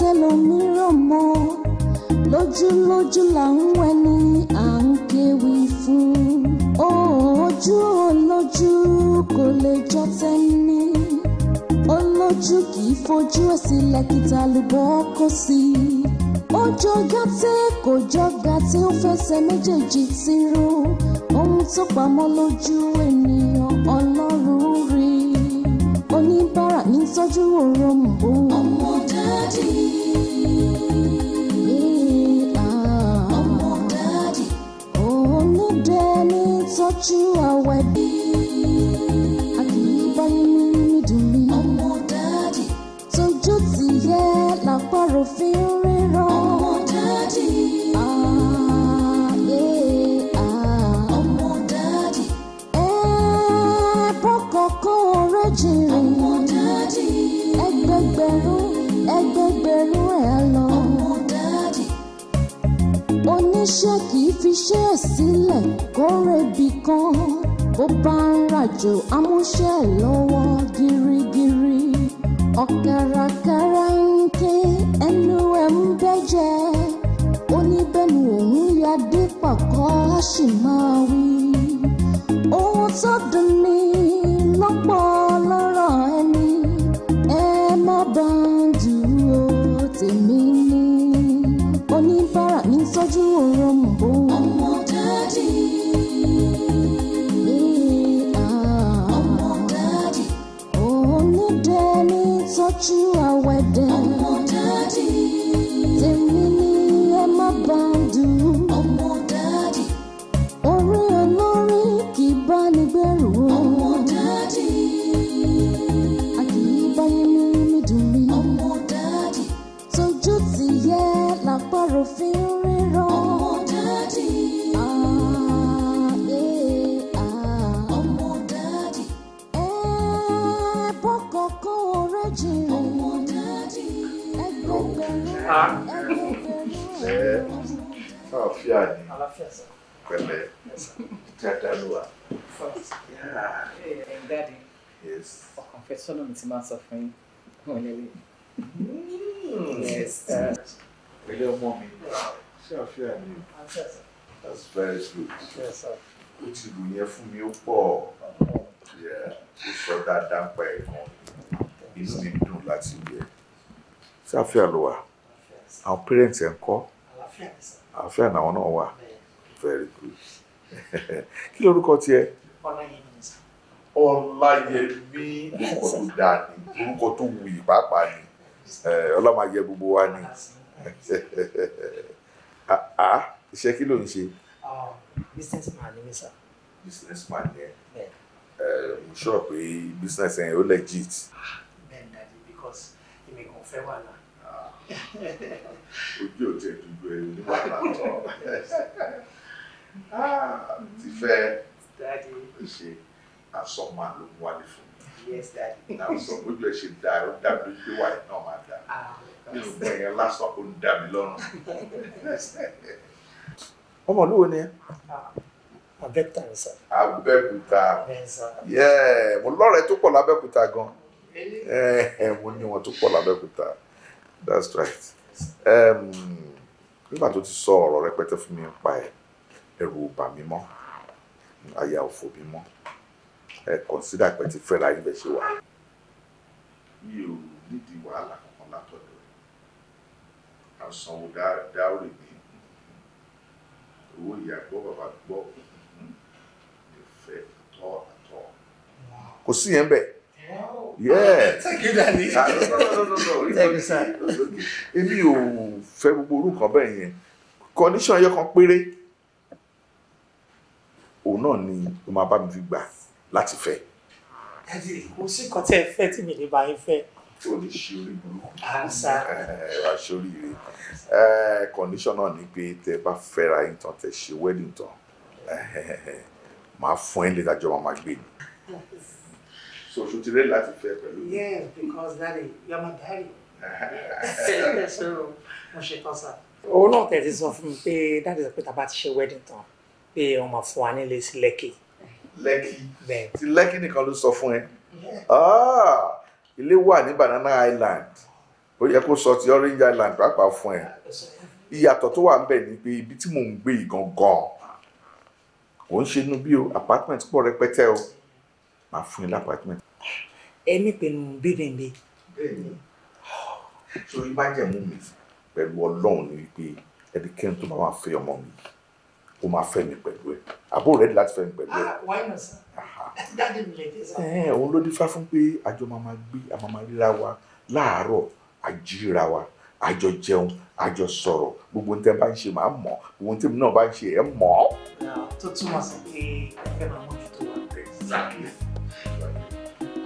tẹlòmíràn mọ́ lójúlójú là ń wẹni à ń kéwì fún ojú olójú kò lè jọ tẹ́ni olójú kì í fojú ẹ̀ sílẹ̀ kíta lùbọ́ kó sí i ó jọ gàtí kò jọ gàtí ó fẹsẹ̀ méjèèjì ti rú ohun tó pamọ́ lójú ènìyàn ọlọ́run rí oníbàárà ní tọ́jú òórùn bò Daddy, ọmọ dádì. òun ló dé ní tọ́jú àwẹ̀dì. iṣẹ́ ẹ̀ sílẹ̀ kó rebi kan bó bá ń rajò amúṣẹ́ ẹ̀ lọ́wọ́ gírígírí ọ̀kẹ́rẹ́kẹ́rẹ́ ń ké ẹnu ẹ̀ ń bẹ́jẹ́ oníbẹ̀nu òun ya dé pàkọ́ á sì máa wí ohun tó dùn ní. alafia ni pẹ̀lẹ́ tí a dá lóra. ẹ̀yin dáàdi ọkàn fẹ́ sọ́nà mi ti máa sọ fún yín wọn lẹ́lẹ́. Hmm. pẹ̀lẹ́ ọmọ mi ṣé àfíà ni o that's very good ó ti lù yẹn fún mi ó pọ̀ ó sọ dáadáa pa ẹ̀ gan inú mi dùn láti rí ẹ ṣáfíà ló wà parents ẹ̀ ń kọ́. àlàáfíà ni sọ àfẹ́ àwọn náà wà very good kí lorúkọ tiẹ. ọláyẹmí orúkọ tó dáa ni orúkọ tó wuyì pàápàá ni ọlọ́màyẹ gbogbo wa ni àá iṣẹ́ kí ló ń ṣe. business man ni sir. business man yẹn mo sọ pé business yẹn ó legit. Ah, bẹ́ẹ̀ ni dadi because èmi kò fẹ́ wà lá ojú ò tẹ̀ dúdú ẹ ní wàhálà ah, ti fẹ́ ṣe asọ́mọ àlòmú wálé fún mi àwùjọ ojú ẹ ṣe dá ẹ ó dàbí pé wàá náà máa dá nínú gbọ́n yẹn lásán ó ń dà lọ́rùn. ọmọ olúwo ni ah. Abẹ́kúta ni sà. Abẹ́kúta. Mo lọ́rẹ̀ẹ́ tó pọ̀ lábẹ́kúta gan-an. Eh, mo ní wọn tó pọ̀ lábẹ́kúta that's right nígbà tó ti sọ ọ̀rọ̀ rẹpẹtẹ fún mi nípa ẹ̀ ẹ̀rù ò bà mí mọ́ àyà ò fò mí mọ́ ẹ̀ kọ̀nsídà pé ti fẹ́ra yín bẹ́ẹ̀ ṣe wà. mi ò nídìí wàhálà kankan látọ̀dọ̀ rẹ̀ àsanwó dáórè mi owó ìyá gbọ́ bàbá gbọ́ ìfẹ́ tọ́ àtọ́. kò sí yẹn bẹ́ẹ̀. Wow. Thank you, Daddy. no, no, no, no, Thank you, sir. Èmi ò fẹ́ gbogbo orú nǹkan bẹ́ẹ̀ yẹn. Condition ẹyọ kan péré. Òun náà ni ó máa bá mi fi gbà láti fẹ́. Daddy, kò sí nǹkan tẹ́ ẹ fẹ́ tí mi lè bá yín fẹ́. O lè ṣe orí burúkú. Àṣà. ṣe oríire. Condition náà ni pé tẹ bá fẹ́ra yín tán tẹ ṣe wedding tán. Màá fún ẹ́ lé dájọ́ máa máa gbé ni so ṣo ti rẹ láti fẹ́ pẹ̀lú. because daddy you are my daddy. ẹ ṣe o mo ṣe tán sá. owó náà tẹ̀ ti sọ fún mi pé dáàdì sọ pé tá a bá ti ṣe wedding tán pé wọ́n máa fún wa nílé sí lẹ́kì. lẹ́kì ti lẹ́kì nìkan ló sọ fún ẹ ah, ilé wà ní Banana Island ó yẹ kó sọ ti Orange Island pàápàá fún ẹ ìyàtọ̀ tó wà ń bẹ̀ ni pé ibi tí mò ń gbé yìí gangan ò ń ṣe inú bí o apartment pọ̀ rẹpẹtẹ o máa fún yín lápàtment ẹ nípinnu bíbí mi. bẹ́ẹ̀ni sori bá jẹ̀mú mi pẹ̀lú ọlọ́run ni wípé ẹnikẹ́ni tó máa fẹ́ ọmọ mi ó máa fẹ́ mi pẹ̀lú ẹ àbúrò rẹ̀ láti fẹ́ mi pẹ̀lú ẹ. wáyé nà sá dájú mi lè dé sá. òun ló dífá fún pé àjọ máa máa gbé àmọ́ máa ríra wa láàárọ̀ àjíra wa àjọ jẹun àjọ sọ̀rọ̀ gbogbo nǹkan bá ń ṣe máa mọ̀ gbogbo nǹkan náà bá ń ṣe ẹ̀ mọ̀. tó túmọ̀ sí pé ẹ fẹ́ máa mójútó wa.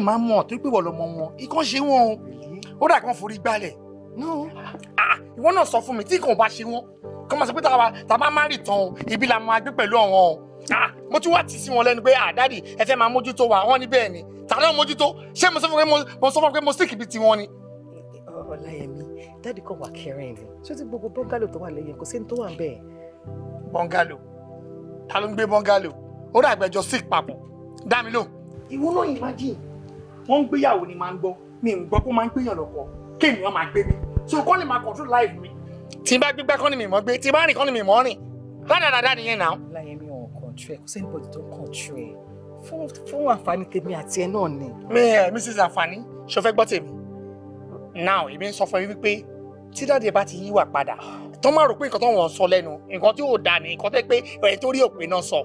lè máa mọ̀ tó pé wọ́n lọ́mọ wọn ikán ṣe wọn o mm-hmm. ó dà kán forí gbálẹ̀ ah, ìwọ náà sọ fún mi tí kò bá ṣe wọn kó máa sọ pé tá a bá má rì tán o ibi la máa gbé pẹ̀lú àwọn o ah, mo ti wá tì sí wọn lẹ́nu pé àdáàdì ah, ẹ fẹ́ máa mójútó wa wọn ní bẹ́ẹ̀ ni tàbí wọn mójútó ṣé mo sọ fún pé mo sọ fún pé mo sick bí tiwọn ni. ọláyẹmí dáàdì kan wà kẹrin ni ṣé ti gbogbo bọ́ngálò tó wà lẹ́yìn kò sí ní tó wà ń bẹ́ẹ̀. bọ́ngálò ta ló ń gbé bọ́ngálò ó dàgbẹ́jọ sick papọ̀ dá mi lóhùn. ìwúlò imagine wọ́n ń gbéyàwó ni máa ń gbọ́ mi ń gbọ́ kó máa ń gbéyàn lọ́kọ kéèyàn máa gbé mi so kọ́ lè máa control life mi. tí n bá gbígbá kọ́ ni mi mọ̀ gbé tí n bá rìn kọ́ ni mi mọ̀ rìn dáadáa nìyẹn náà. láyé mi ò control ẹ kò sẹ́ni bọ́dì tó control ẹ fún fún àǹfààní tèmi àti ẹ náà ni. mi ẹ eh, mrs àǹfààní ṣo fẹ́ gbọ́ tèmi now èmi ń sọ fún ẹ wípé tí dáadé bá ti yíwà padà tó máa rò pé nǹkan tó wọ́n sọ lẹ́nu nǹkan tí ò dáa ni nǹkan tó pé ẹ̀ eh, tó rí òpin náà sọ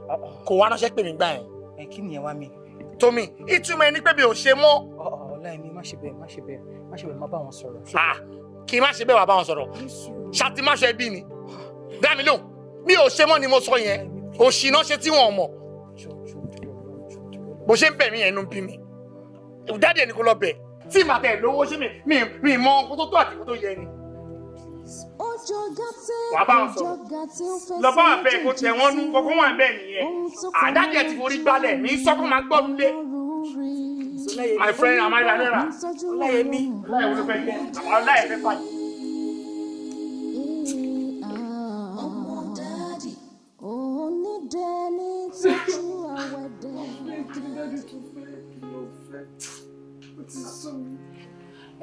kò wá ránṣẹ́ pè mí gbà yẹn. ẹ kí nìyẹn wá mi Tómi ìtumọ̀ ẹni pé mi ò ṣe mọ́. ọ̀ọ́láìní má ṣe bẹ́ẹ̀ má ṣe bẹ́ẹ̀ má ṣe bẹ́ẹ̀ má bá wọn sọ̀rọ̀. kì í má ṣe bẹ́ẹ̀ wà bá wọn sọ̀rọ̀ ṣáàtì má ṣe bí ni dámi lóhùn mi ò ṣe mọ́ ni mo sọ yẹn òṣìná ṣe tí wọn mọ̀ bó ṣe ń bẹ̀ mí yẹn ló bí mi dáàdì ẹni kò lọ bẹ̀ tí màtẹ̀ lówó ṣé mi mi mọ ohun tó yẹ ni wà á bá wọn sọ̀rọ̀ lọ tẹ wọn nú kókó wọn bẹ́ẹ̀ nìyẹn àdájẹ́ ti forí gbalẹ̀ mi sọ́kò máa gbọ́ nílé my friend amara nera ọláyẹmí ọláyẹmí olùfẹ́ jẹ́ ọláyẹmí pàdé. Thank you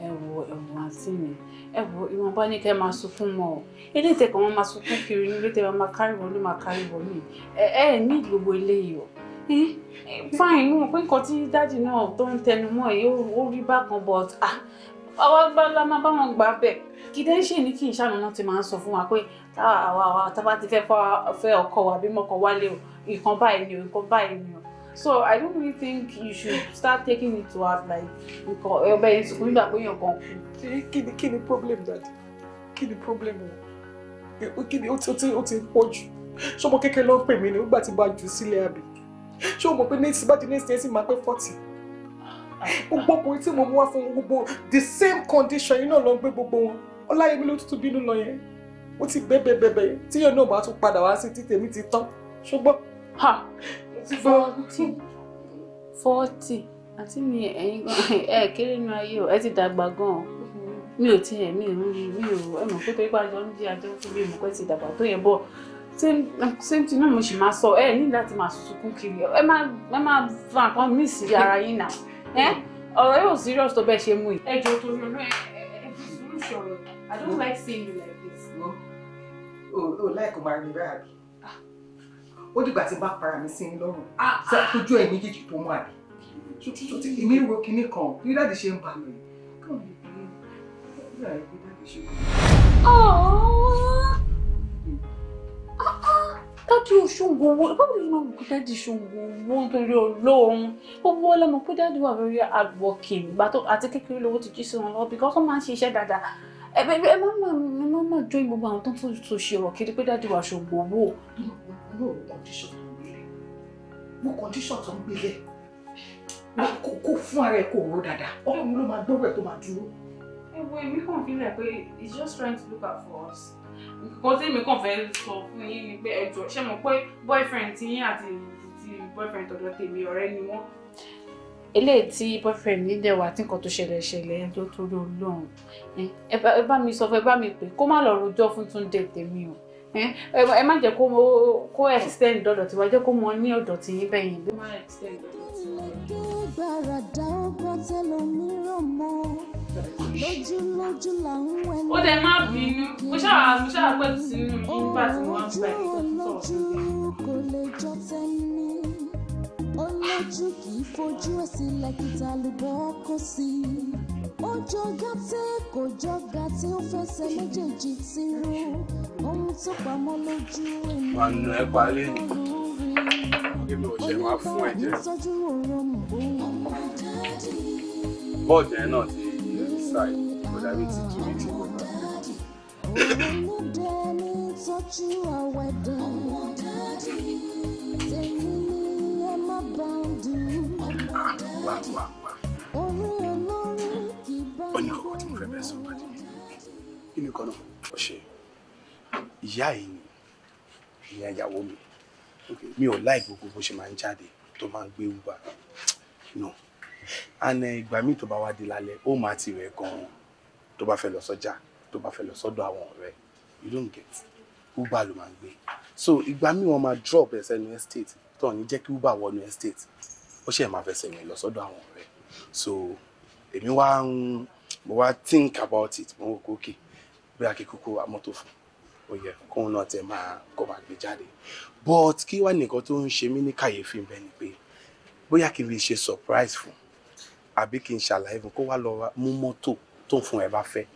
ẹ wo ẹ̀wọ̀n àti mi ẹ wo ìwọ̀nba ní kẹ́ ẹ máa sunkún mọ́ ọ eléyìí tẹ̀ kàn wọ́n máa sunkún kiri nílé tẹ̀ wọ́n máa kárí wọn ló máa kárí wọn mí ẹ ẹ ní gbogbo eléyìí o fine mo pé nǹkan tí dáàdì náà tó ń tẹnu mọ́ ẹ̀ ó rí bákan but ah àwa gbọ́dọ̀ máa bá wọn gbà bẹ̀ kìdẹ́ ṣe ní kí n ṣàánú náà ti máa ń sọ fún wa pé àwa àwa tábà ti fẹ́ fẹ́ ọkọ wa bí mọ́kọ wálé o nǹkan báyìí ni o nǹkan báyìí ni o so i don't really think you should start taking it to heart like nǹkan ọbẹ̀ yẹn sọ fún mi gbàgbé yẹn kan kú. kí ni kí ni problem dad kí ni problem o kí ni o ti o ti o ti pọ̀ jù ṣọmọ kékeré ló ń pè mí ni nígbà tí bá jù sílẹ̀ àbí ṣé o mọ̀ pé next bá di next year sì máa pé forty gbogbo ọkùnrin tí mo mú wá fún gbogbo the same condition yìí náà ló ń gbé gbogbo wọn ọláyẹmí ló tútù bínú lọ yẹn ó ti bẹ́ẹ̀ bẹ́ẹ̀ bẹ́ẹ̀ tíyẹn náà bá tún padà wá sí títẹ̀mí ti tán ṣùgbọ́n forty forty àti mi ẹ̀yin gan ẹ kéré nu ayé o ẹ ti dàgbà gan o mi ò tiẹ̀ mi ò rí mi ò ẹ mọ̀ pé torí pé àjọ ń jí àjọ fún mi mọ̀ pé ti dàgbà tó yẹn bọ̀ sẹ́ńtì náà mo sì máa sọ ẹ ní láti máa sunkún kiri ẹ máa ẹ máa fa nǹkan míì sí ara yín náà ẹ ọ̀rọ̀ yóò serious tó bẹ́ẹ̀ ṣe mú yìí. ẹ jọ torí ọ̀nà ẹ ẹ fi sùúrù sọ̀rọ̀ I don't like seeing you like this. o o láìkó máa rí báyìí ó dìgbà tí n bá para mi sí i lọ́rùn ah, ah. sójú ẹ̀ méjèèjì tó mú àbí èmi ro kinní kan bí dáàdì ṣe ń bà mí káwọn lè gbé bí dáàdì ṣe ń bà mí. dájú ṣòwò owó báwo ló máa ń kó dájú ṣòwò owó nítorí ọlọ́run owó ọlọ́mọ kó dájú wà lórí àgbọ̀kìn ìgbà tó àti kékeré lówó ti jí sí wọn lọ́wọ́ bíkọ́ tó máa ń ṣiṣẹ́ dáadáa ẹ má má jó gbogbo àwọn tó ń tó ṣe ọ̀kiri pé dájú wà ṣòwò owó No condition tó ń gbélé mo condition tó ń gbélé I, fún ara ẹ kò ró dáadáa ọlọ́run ló máa gbọ́rọ̀ ẹ tó máa dúró. ewu èmi kàn fi rẹ pé he's just trying to look out for us nǹkan tí èmi kàn fẹ́ sọ fún yín ni pé ẹ jọ̀ọ́ ṣé mo pé boyfriend ti yín àti ti boyfriend tọ̀dọ̀ tèmi ọ̀rẹ́ ni wọ́n eléyìí tí boyfriend ní dẹ̀wà tí nǹkan tó ṣẹlẹ̀ ṣẹlẹ̀ ẹ̀ tó torí olóhùn ẹ bá mi sọ fún ẹ bá mi pè kó má lọ rojọ́ fún Túndé tèmi o. Eh, eh, ẹ má jẹ́ kó mo kó extend dọ̀dọ̀ tiwa jẹ́ kó mo ní ọ̀dọ̀ tí yín bẹ́yìn bí. ó dẹ má bínú mo ṣáà mo ṣáà pẹ́ sínú nígbà tí wọ́n gbà ẹ̀ olójú kì í fojú ẹ̀ sílẹ̀ kí ta lùbọ́ kó sí i ó jọ gàtẹ́ kò jọ gàtẹ́ ó fẹsẹ̀ méjèèjì ti rú ohun tó pamọ́ lójú ènìyàn kò rí onígbà nítọ́jú òórùn òun. bọ́ọ̀dù ẹ̀ náà ti ṣàì kó dàbí ti kí ti kó kà. onídẹ̀ẹ́ ní tọ́jú àwẹ̀dẹ̀ tèmi ni ẹ má bá ń dùn. fẹ́ sọ pẹ̀lú kí ni kan náà ni ìyá ìyàwó mi mi ò láì gbogbo bó ṣe máa ń jáde tó máa ń gbé no àna eh, ìgbà míì tó bá wá di lálẹ́ ó máa ti rẹ̀ gan-an tó bá fẹ́ lọ sọ́jà tó bá fẹ́ lọ sọ́dọ̀ àwọn you don't get uber ló máa ń gbé so ìgbà míì wọ́n máa drop ẹsẹ̀ ní estate tó ní jẹ́ kí uber wọnú estate ó ṣe máa fẹsẹ̀ rìn lọ sọ́dọ̀ àwọn ọ̀rẹ́ so èmi wá ń mo wá think about it mo wò kó bí akíkókó amọ́tò fún ó yẹ kóun náà tẹ máa kó máa gbé jáde but kí wá nìkan tó ń ṣe mí ní kàyéfì bẹ́ẹ̀ ni pé bóyá kí n lè ṣe surprise fún àbí kí n ṣàlàyé fún kó wá lọ mú mọ́tò tó ń fún ẹ bá fẹ́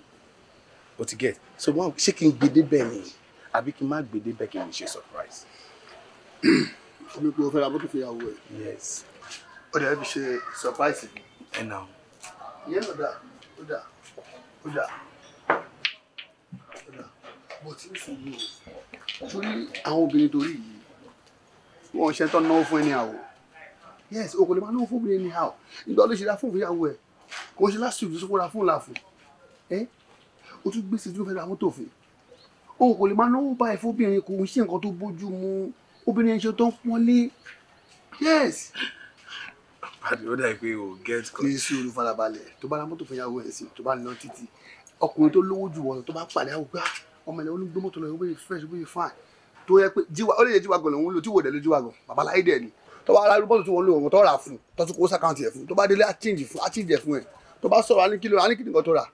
o ti get so wọn ṣé kí n gbé débẹ̀ ni àbí kí n má gbé débẹ̀ kí n lè ṣe surprise. omi kò fẹ́ ra mọ́tò fún ìyàwó ẹ̀. yes. ó dẹ̀ ẹ́ fi ṣe surprise. ẹ̀ nà. ìyẹn ló dáa dà ó dà ó dà bó ti ń sùn yìí o torí àwọn obìnrin torí yìí wọn ṣe tán náwó fún ẹni àwò yes o kò lè máa náwó fún obìnrin ẹni àwò nígbà ló ṣe dá fún ìyàwó ẹ kò ṣe lásìkò tó sọkúnra fún làfù ẹ o tún gbèsè tó fẹ́ mọ́tò fún o kò lè máa náwó báyìí fún obìnrin kò ń ṣe nǹkan tó bójú mu obìnrin ẹ̀ ṣe tán pọ́nlé yes ó dà pé o get cut. ní sùúrù farabalẹ̀ tó bá ra mọ́tò fún yàwó ẹ̀ sí tó bá lọ títì ọkùnrin tó lówó jù wọ̀nà tó bá pàdé àwùgbà ah, ọmọ ilẹ̀ olùgbé mọ́tò lọ ìwé fresh ìwé fine tó yẹ pé jíwa ó lè yẹ jíwa gọ̀lọ̀ òun lò tí wò dẹ̀ ló jíwa gọ̀ bàbá láyé dẹ̀ ni tó bá aráàlú bọ́ọ̀lù tí wọ́n lò wọ́n tó rà fún tó tún kó sàkáǹtì ẹ̀ fún tó bá délé àtíǹjì fún àtíǹjì ẹ̀ fún ẹ̀ tó bá sọ̀rọ̀ alẹ́ kílò alẹ́ kílò tó rà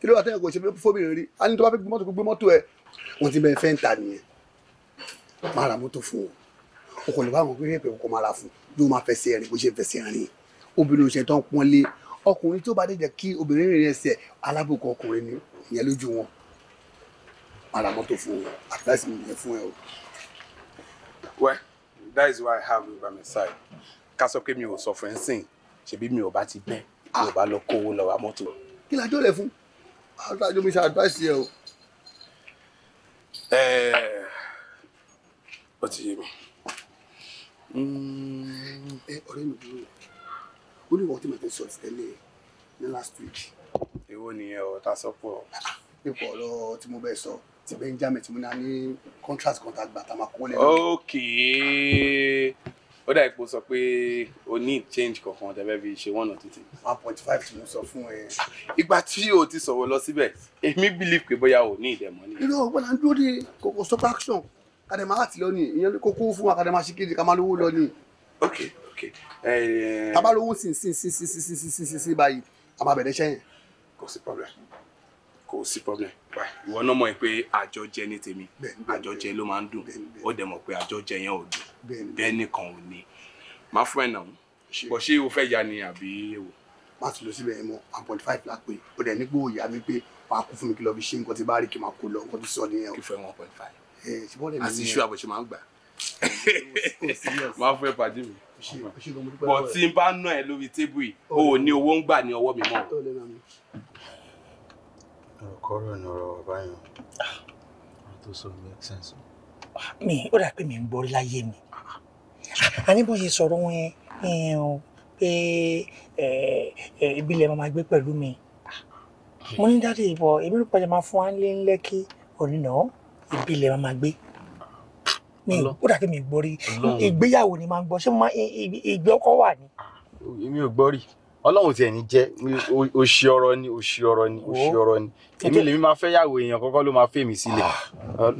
kílò àtẹ̀yìn kò ṣe fóbìnrin rí alẹ́ tó bá fẹ́ gbé mọ́tò gbé mọ́tò ẹ̀ wọ́n ti bẹ́ẹ̀ fẹ́ ń ta nìyẹn máa ra mọ́tò fún wọn òkò lè bá wọn pé èpè òkò máa ra fún un yóò máa fẹsẹ̀ rìn bó ṣe fẹsẹ̀ rìn obìnrin òṣèlú tó ń pọ́n lé ọkùnrin tó bá dẹ̀jẹ̀ kí obìnrin rìn ẹsẹ̀ alábòkọ ọkùnrin ni ìyẹn lójú wọn ara mọ́tò fún wọn advice mi yẹn fún ẹ o. well that is why i have you by my side ká sọ pé mi ò sọ fún ẹ sìn ṣebí mi ò bá ti bẹ mi ò bá lọ kówó lọ wa mọ́tò. kí lájọ́ lẹ̀ fún adájọ́ mi ṣe advice yẹ o. ẹ eh, ẹ ó ti yé mi. Mm. ẹ ọ̀rẹ́ mi dúró ó ní wọ́n tí màá ti sọ tẹ́lẹ̀ ní last week. èwo ni ẹ ọ̀tá sọ pọ̀. Ah, nípa ọ̀rọ̀ tí mo bẹ́ sọ ti benjamin tí mo ní ní contract contact gbà tá a máa kó lẹ́nu. ok ó dà ipò sọ pé o need change kankan tẹ́lẹ̀ fi ṣe one or two one point five tí mo sọ fún ẹ. ìgbà tí o ti sọ̀rọ̀ lọ síbẹ̀ èmi believe pé bóyá o ní ìdẹ̀mọ́ ni. irọ́ wọn à dúró de kòkòrò stop action kàdé máa láti lọ ni ìyẹn kókó fún wa kàdé máa ṣe kéde ká máa lówó lọ ni. ok ok. tábà eh, lówó sìn sìn sìn sìn sìn sìn sìn sìn sìn báyìí a máa bẹ̀rẹ̀ iṣẹ́ yẹn. kò sí problem kò sí problem ìwọ náà mọ̀ ẹ́ pé àjọ jẹ ní tèmi àjọ jẹ ló máa ń dùn ó dẹ̀ mọ̀ pé àjọ jẹ yẹn ò dùn bẹ́ẹ̀ nìkan ò ní. máa fún ẹ̀ náà bọ̀ ṣé o fẹ́ ya ni àbí èwo. má ti lọ síbẹ̀ mọ́ one point five ó dẹ̀ nígbò ìyá mi pé máa kú fún mi kí lọ fi ṣe nǹkan tí bá rí kí máa kó lọ nǹkan tó sọ nìyẹn o. kí fẹ́ one point five àṣìṣe eh, àbọ̀ṣe máa ń gbà máa fẹ́ pàdé mi bọ̀ tí n bá ná ẹ lórí tébù yìí o ò ní owó ń gbà ní ọwọ́ mi mọ́. ọ̀rọ̀ kọ́rọ̀ ni ọ̀rọ̀ ọ̀báyàn ọ̀rọ̀ tó sọ make sense. mi ò dà pé mi ń gbọ́ láyé mi a ní bó ṣe sọ̀rọ̀ wọn yẹn pé ìbílẹ̀ máa gbé pẹ̀lú mi ah, mo ní dáadé ìbọ̀ èmi ló pàjẹ́ máa fún wa ń lé ńlẹ́kí òní náà ibi ilẹ̀ máa gbé mi ó dàbí mi gbọ́ rí ìgbéyàwó ni máa ń gbọ́ ṣé mo máa ìgbé ọkọ wà ní. èmi ò gbọ́ rí ọlọ́run tiẹ̀ ní jẹ́ òṣì ọ̀rọ̀ ni òṣì ọ̀rọ̀ ni òṣì ọ̀rọ̀ ni èmi lèmi máa fẹ́ yàwó èèyàn kọ́kọ́ ló máa fẹ́ mi sílẹ̀ ah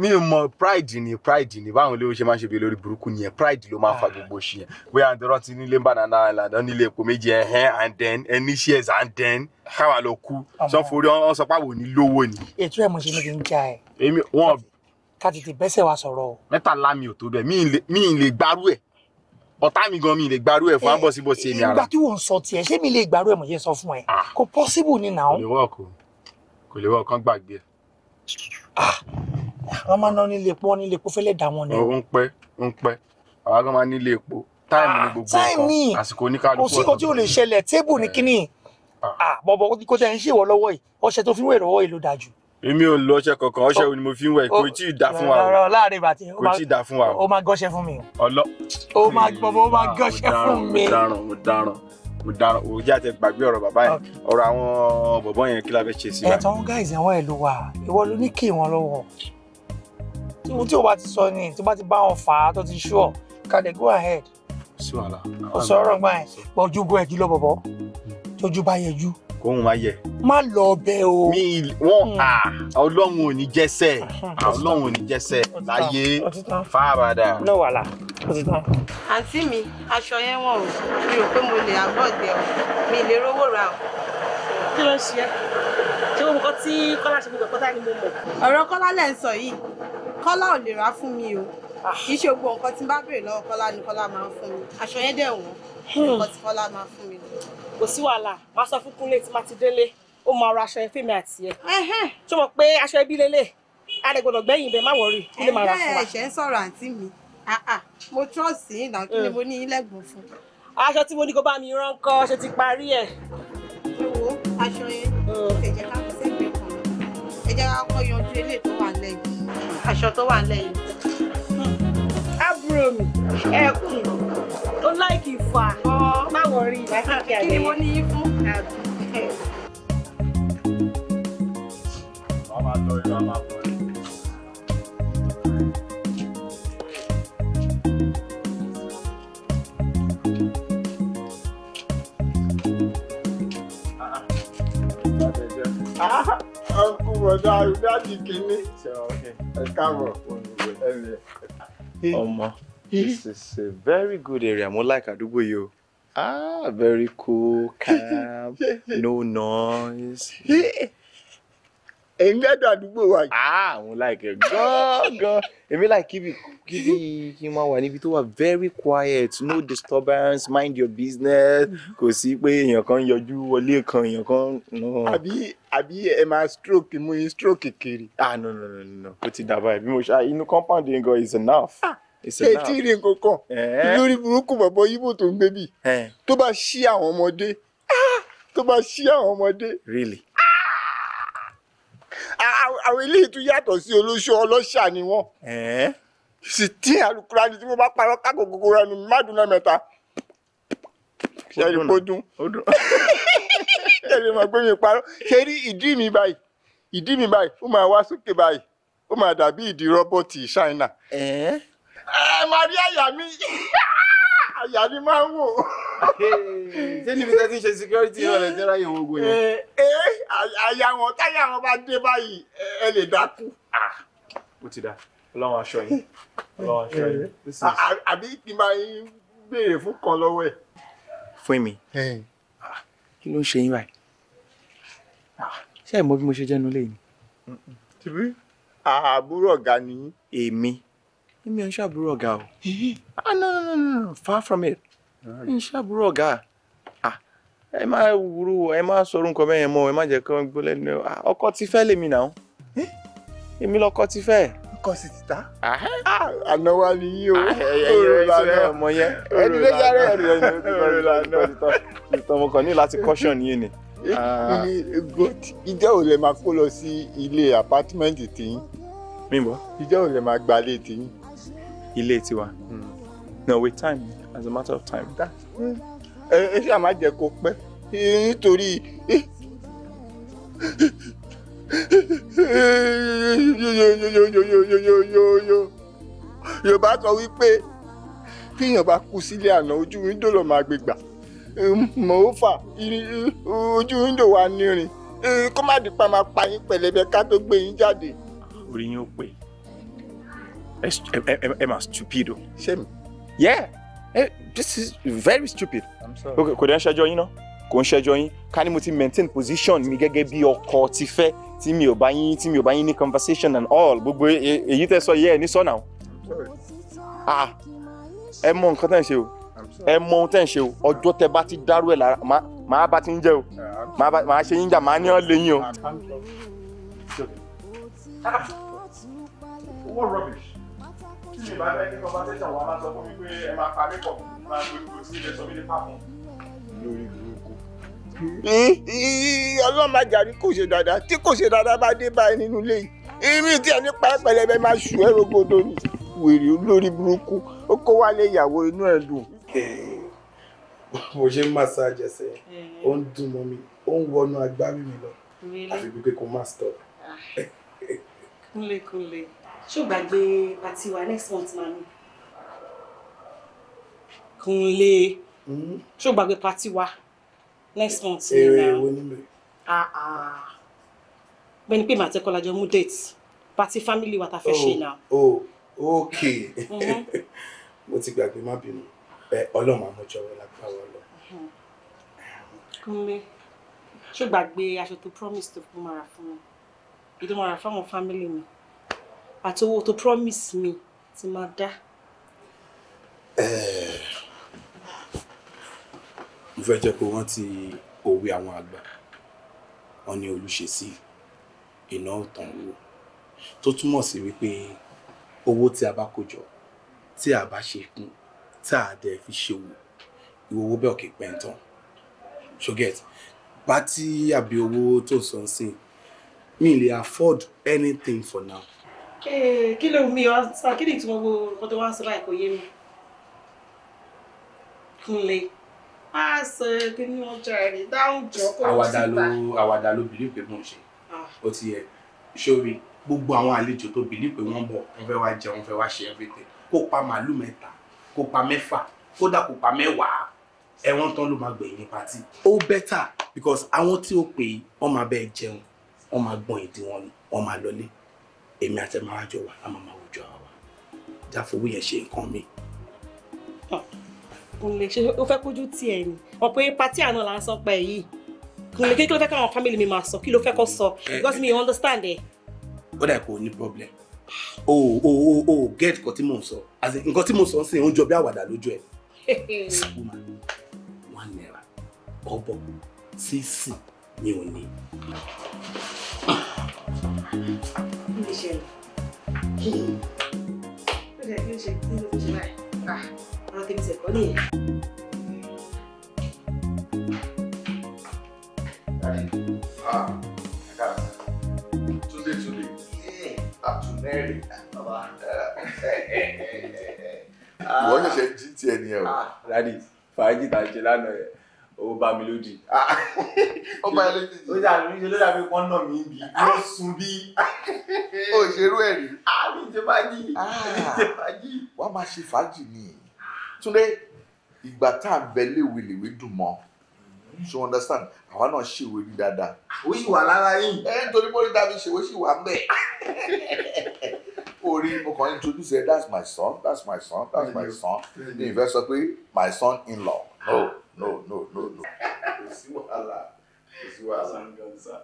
mi mọ pride ni pride ni báwọn olówó ṣe máa ń ṣe bí olórí burúkú nìyẹn pride ló máa fa ah. gbogbo ṣì yẹn bóyá àǹdọ̀rọ̀ ti nílé banana island wọn nílé epo méjì ẹ̀hẹ́n and then ẹni shares and then káwa lọ kú sọ wọn sọ pé àwọn lówó ni. ètò ẹ̀ mo ṣe ní kí n ja ẹ̀. èmi wọn. ká bẹ́sẹ̀ wa sọ̀rọ̀ o. mẹ́tàlá mi ò tó bẹ́ẹ̀ mi ì lè gbárù ẹ̀ ọ̀tá mi gan mi lè gbárù ẹ̀ fún eh, abọ́sibọ́sí èmi ara. ìgbà tí wọ́n sọ tiẹ̀ ṣé mi lè gbárù ẹ̀ mo ṣe sọ fún ẹ ah. kò possible ni now. kò lè wọ́ọ̀kù kò lè wọ́ọ̀kù kan gbàgbé ẹ̀. Ah wọn máa ná nílé epo wọn nílé epo fẹlẹ dà wọn ni. ó ń pẹ́ ó ń pẹ́ àwa gan máa nílé epo táìmù ni ah, gbogbo nǹkan àsìkò oníkálukú ọ̀sán. kò sí kò tí ò lè ṣẹlẹ̀ tébù ní kínní ah. ah, bọ̀bọ̀ kò tẹ̀ ń ṣèwọ́ lọ́wọ́ yìí ọṣẹ tó fi ń wẹ̀ lọ́wọ́ yìí ló dáa èmi ò lọ ọṣẹ kankan ọṣẹ wo ni mo fi ń wẹ kò tí ì dá fún wa o láàrin ìgbà tí kò tí ì dá fún wa o. o máa gọ́ṣẹ́ fún mi o. ọlọ. o máa gbọ́bọ̀ o máa gọ́ṣẹ́ fún mi. mo dáràn mo dáràn mo dáràn o jẹ́ àti gbàgbé ọ̀rọ̀ bàbá yẹn ọ̀rọ̀ àwọn bọ̀bọ̀ yẹn kí la fẹ́ ṣe sí i. ẹ̀ tọ́wọ́n gáìsì àwọn ìlú wa ìwọ ló ní kí wọn lọ́wọ́ tí mo tí o bá ti sọ ni tó bá ti bá wọn fà á tó ti ṣú ọ ká go ahead. sí wàhálà. ó sọ ọ̀rọ̀ gbọ́n ẹ̀ gbọ́jú bó ẹjú lọ́bọ̀bọ̀ hmm. tójú bá yẹjú. kóhun máa yẹ. má lọ bẹ o. mi wọn à hmm. ah, ọlọ́run ò ní jẹ́sẹ̀ ọlọ́run ò ní jẹ́sẹ̀ láyé fáradà. náà wàhálà ó ti tán. àǹtí mi aṣọ yẹn wọ̀n o mi rò pé mo lè àgbọ̀dẹ o mi lè rówó ra o. kí ló ń ṣe é ṣé gbogbo nǹkan tí kọ́lá ṣe gbogbo ẹ̀kọ́ ni mo mọ̀. ọ̀rọ̀ kọ́lá lẹ́ ń sọ yìí kọ́lá ò lè rà fún mi o ah. kì í ṣe gbogbo nǹkan tí n bá béèrè lọ́wọ́ kọ́lá ni kọ́lá máa ń fún mi aṣọ yẹn dẹ̀ wọ́n hmm. nǹkan tí kọ́lá máa ń fún mi. kò sí wàhálà máa sọ fún kúnlé tí má ti délé ó máa ra aṣọ yẹn fèmí àti ẹ tó mọ̀ pé aṣọ ẹbí lélẹ̀ àdègbọdọ gbẹ̀yìn bẹ́ẹ̀ má wọrí kúnlé máa ra fún wa. ẹ ṣe ń sọ̀rọ̀ àǹtí mi mo trust yín náà kí ni hmm. mo ní ilé ẹ̀gbọ́n fún. aṣọ tí mo ní kó bá mi rán kọ́ ṣe ti parí ẹ̀. ẹ wo aṣọ yẹn kò hmm. tẹ̀ jẹ́ ká jẹ́ kọ́kọ́ yanjú eléyìí tó wà nílẹ̀ yìí aṣọ tó wà nílẹ̀ yìí. ábúrò mi ẹkùn ó láìkì fà báwọn rí ìdákẹ́kẹ́ kí ni mo ní í fún. Mama, I know ọkùn bọ̀dá this is a very good area mo like àdúgbò yìí o ah very cool calm no noise èyí gbẹ́dọ̀ àdúgbò wa yìí. àwọn ah, láìkẹ́ gángan èmi láì kíbi kíbi kí n máa wà níbi tó wà very quiet no disturbance mind your business kò sí pé èèyàn kan yọjú wọlé kan èèyàn kan. àbí àbí ẹ máa stroke mú yín stroke kiri. ah no no no no ó ti dàbà bí mo ṣe inú compound yẹn gan is enough. Ah, etí rí nǹkan kan eh? lórí burúkú bàbá yíbo tó ń gbé bì eh. tó bá ṣí àwọn ọmọdé ah, tó bá ṣí àwọn ọmọdé. really àwọn eléyìí tún yàtọ̀ sí olóṣù ọlọ́ṣà ni wọ́n. sì tí alukura ni tí mo bá parọ́ kákò kòkòrò ẹnu má dùn mẹ́ta. ṣe é kó dùn ṣe mọ̀ pé mi parọ́ ṣe rí ìdí mi báyìí ìdí mi báyìí ó máa wá sókè báyìí ó máa dàbí ìdí rọ́bọ̀tì ṣáínà. ẹ máa rí àyà mi. àyà ni máa ń wò. ṣé níbi tẹ́ ṣe security náà lè tẹ́ra yẹn ogun yẹn. ẹ eh, eh, àyà wọn táyà wọn bá dé báyìí ẹ lè dákú. Ah, ó ti dá ọlọ́run aṣọ yín ọlọ́run aṣọ yín. Eh. àbí kí n máa ń béèrè fún kan lọ́wọ́ ẹ̀. fún mi ah. kí ló ń ṣe yín báyìí ah, ṣé ẹ mọ bí mo ṣe jẹ́nu lé ni. tìbí àbúrò ọ̀gá ni. èmi èmi ò ń ṣàbúrò o ah no no no no far from it ń ṣàbúrò ọ̀gá ah ẹ má wúru ẹ má sọ̀rọ̀ nǹkan bẹ́ẹ̀ yẹn mọ́ ẹ má jẹ́ kí wọ́n gbọ́ lẹ́nu ah ọkọ ti fẹ́ lèmi náà èmi lọkọ ti fẹ́ ọkọ sì ti ta àná wa ni yí o òru lànà ọmọ yẹn ẹni lè yára ẹni òru lànà ìtọ́mọkàn ní láti caution yìí ni ìjẹ́ ò lè máa kó lọ sí ilé apátímẹ́ǹtì tìyín. mímọ́. ìjẹ́ ò lè máa gbalé tìyín ilé tiwa hmm. no with time as a matter of time. ẹ ṣáà má jẹ́ kó pẹ́ eh, nítorí eh, eh, yorùbá sọ wípé kíyàn bá kú sílé àná ojú wíńdò lọ máa gbégbà mọ̀ọ́fà hmm, ojú wíńdò wa nírin kó má dípa máa pa yín pẹ̀lẹ́bẹ̀ ká tó gbé yín jáde. orí yín ó pè é ẹ stupid o. yeah eh, this is very stupid. i'm sorry. ok kò dé ń ṣẹjọ yín náà kò ń ṣẹjọ yín ká ní mo ti maintain position mi gẹ́gẹ́ bí ọkọ ti fẹ́ tí mi ò bá yín tí mi ò bá yín ní conversation and all gbogbo e, e, èyí tẹ́ sọ yẹ ẹ ní sọ náà. ah ẹ mọ nǹkan tẹ́ ń ṣe o ẹ mọ ohun tẹ́ ń ṣe o ọjọ́ tẹ́ bá ti dárú ẹ̀ lára màá bá ti ń jẹ o màá ṣe yín jà màá ní ọ́ lẹ́yìn o. Ah. rubbish tí mi bá fẹ́ ní conversation wa máa sọ fún mi pé ẹ máa pa mẹ́kọ̀ máa gbé gbogbo tí ilẹ̀ sọ mí ní pàfún. ọlọ́run máa jàrí kò ṣe dáadáa tí kò ṣe dáadáa bá dé báyìí nínú ilé yìí irú tí ẹni pa ẹ̀pẹ̀lẹ̀bẹ̀ máa ṣù ẹ́ rogodo ni wèrè lórí burúkú ó kó wálé ìyàwó inú ẹ̀ dùn. mo ṣe ń massage ẹsẹ̀ ó ń dùn mọ́ mi ó ń wọnú agbárí mi lọ àfi bí pé kò má stop. Ah. kúnlẹ̀kúnlẹ̀ ṣó gbàgbé pàtí wa next month máa ní. Kúnlé hmm? ṣó gbàgbé pàtí wa next month ní ìlà. èrè wo níbẹ̀. Ah, ah. bẹ́ẹ̀ ni pé màá tẹ́kọ̀ lájọ mú date pàtí family wa ta fẹ́ ṣe oh, náà. oh ok mm-hmm. mo ti gbàgbé má bínú ọlọ́run àmójọ wọlé lágbára ọlọ́run. Mm-hmm. Kúnlé ṣó gbàgbé aṣọ tó promise tó fún mara fún mi èyí tó mara fáwọn family mi àti owó tó promise mi ti máa dá. Eh, mo fẹ́ jẹ́ kó rántí òwe àwọn àgbà wọn ní olùṣesí iná ọ̀tàn owó tó túmọ̀ sí wípé owó tí a bá kó jọ tí a bá ṣe kún tá a dẹ̀ fi ṣe wò ìwọ owó bẹ́ẹ̀ kì í pẹ́ ń tán ṣoget pátí àbí owó tó sọ ń sìn mi lè afford anything for now kí ló mi ọ sọ kí ni ìtumọ̀ gbogbo nǹkan tó wá ń sọ báyìí kò yé mi kúnlé á sọ kí ni wọ́n jọ ẹ̀rí dáhùn jọ kó o ti bá. àwàdà ló bìlí pé mò ń ṣe ah. ó ti yẹ sórí gbogbo àwọn àlejò tó bìlí pé wọ́n bọ̀ wọ́n fẹ́ wá jẹun wọ́n fẹ́ wá ṣe everything kó pa màálù mẹ́ta kó pa mẹ́fà kódà kó pa mẹ́wàá ẹ̀wọ̀n tán ló máa gbẹ̀yìn pàtì. ó bẹ́tà because àwọn tí ó pè é wọ́n máa bẹ́ẹ̀ jẹun wọ́n máa gbọ́n èdè wọn ni wọ́n máa lọlé èmi àti ẹ̀ máa wájọ wa a máa máa wùjọ àwa já fowó yẹn ṣe nǹkan mi. kùnlé ṣe ó fẹ́ kójú tiẹ̀ ni ọ̀pọ̀ pátí àná là ń sọ pé yìí kùnlé kí ló fẹ́ káwọn family mi máa sọ kí ló fẹ́ kó sọ eh, because eh. me you understand ẹ̀. ó dà kó ní problem o o o o get nǹkan tí mò ń sọ as in nǹkan tí mò ń sọ ń sìn ń jọ bí àwàdà lójú ẹ̀. one naira ọbọ sísìn mi ò ní kí ló ṣẹlẹ̀ ó jẹ́ kí ló ṣe kí ló ṣe báyìí ah, ọ̀rọ̀ tèmi ṣe kọ́ nìyẹn. Túndé Túndé àtúnẹ́rì wọ́n ṣẹ̀ṣẹ̀ jí tiẹ̀ ni ẹ̀ o. Ah. Dádì, fàájì tàjẹ́ lánàá yẹn ó bá mi lódì. Ah. ó bá mi lódì. ó dà mí ló dàbí pọ́n náà mi bì ló ah. sun bí. ó ṣerú ẹ̀ rí. a ah, mi ṣe fàájì. mi ṣe fàájì. wàá máa ṣe fàájì ni Túndé ìgbà tá à bẹ léwe lèwe dùn mọ́ so mm-hmm. understand àwa náà ṣèwé ní dáadáa. ó sì wà lára yìí. ẹ nítorí mo rí dábì ṣèwé sì wà mbẹ. orí mo kàn introduce ẹ that's my son that's my son that's my son The ìfẹ́ sọ my son in law. Oh no no no no kò sí wàhálà kò sí wàhálà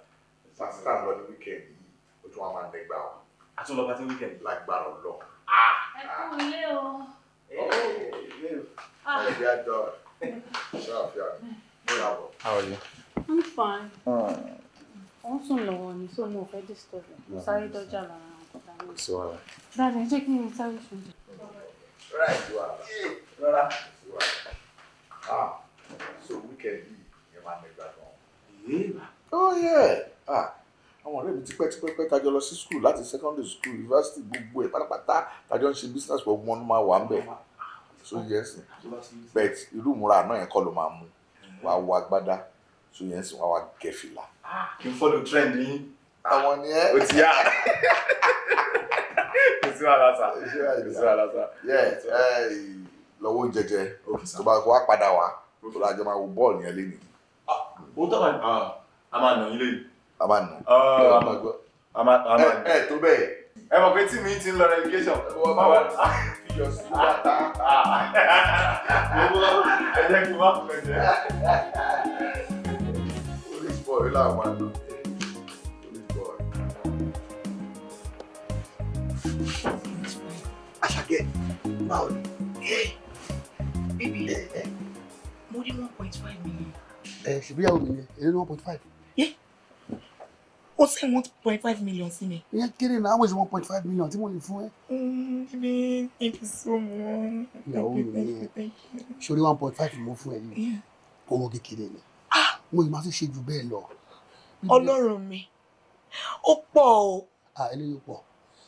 pásítà lọ ní wíkẹ́ndì yìí ó tún wá máa dẹ́gbà wa. a tún lọ bá ti wíkẹ́ndì. lágbára lọ. Ah! ẹ kú ilé o. ọ̀rẹ́ oh, ah. àjọ ṣé How are you? I'm fine. wọ́n sùn lọ́wọ́ ni so mo fẹ́ disturb mo sáré dọ́jà lára ọ̀gá mi. sí wàhálà. dáadáa jẹ́ kí n sáré sùn. rárá ìwà kẹ́bí ẹ máa mẹ́gbà gan. oh yeah ah àwọn ọ̀rẹ́ mi ti pẹ́ tipẹ́ pẹ́ tajọ lọ sí school láti secondary school university gbogbo ẹ̀ pátápátá tajọ ń ṣe business pọ̀ gbọ́n ló máa wà ń bẹ̀ so yes bet irú ìmúra náà yẹn kọ́ ló máa mú wà á wọ agbádá so yẹn sì wà á wà gẹ̀fìlà. Ah, kí n follow trend yín. àwọn ni ẹ. o ti yá kò sí wàhálà sá kò sí wàhálà sá. Eh, lọ́wọ́ jẹjẹ tó bá wá padà wá tó lájọ máa wo bọ́ọ̀lù yẹn lẹ́nu. Ah, ó Ah, a máa nà yín lẹ́yìn. a máa nà. Ah, a máa nà. ẹ ẹ tó bẹ́ẹ̀. ẹ mọ̀ pé tí mi ti ń lọ relegation. wọ́n bá wà yọ sí bàtà. ẹ jẹ́ kí n má fún ẹ police boy làwọn máa lò. Àṣàkẹ́, báwo ni? Bíbí mo rí one point million. ẹ ṣùgbọ́yàwó mi yẹn èlé ní one point five. yé ó ṣe one point five million sí mi. ìyẹn kéré náà àwọn èsì one point five million tí mo lè fún ẹ. mi mm, thank so much. ìyàwó mi yẹn sórí one point five mo fún ẹ yìí owó kékeré ni ah! mo ì máa tún ṣe jù bẹ́ẹ̀ lọ. ọlọ́run mi ó pọ̀ o. Ah, eléyìí pọ̀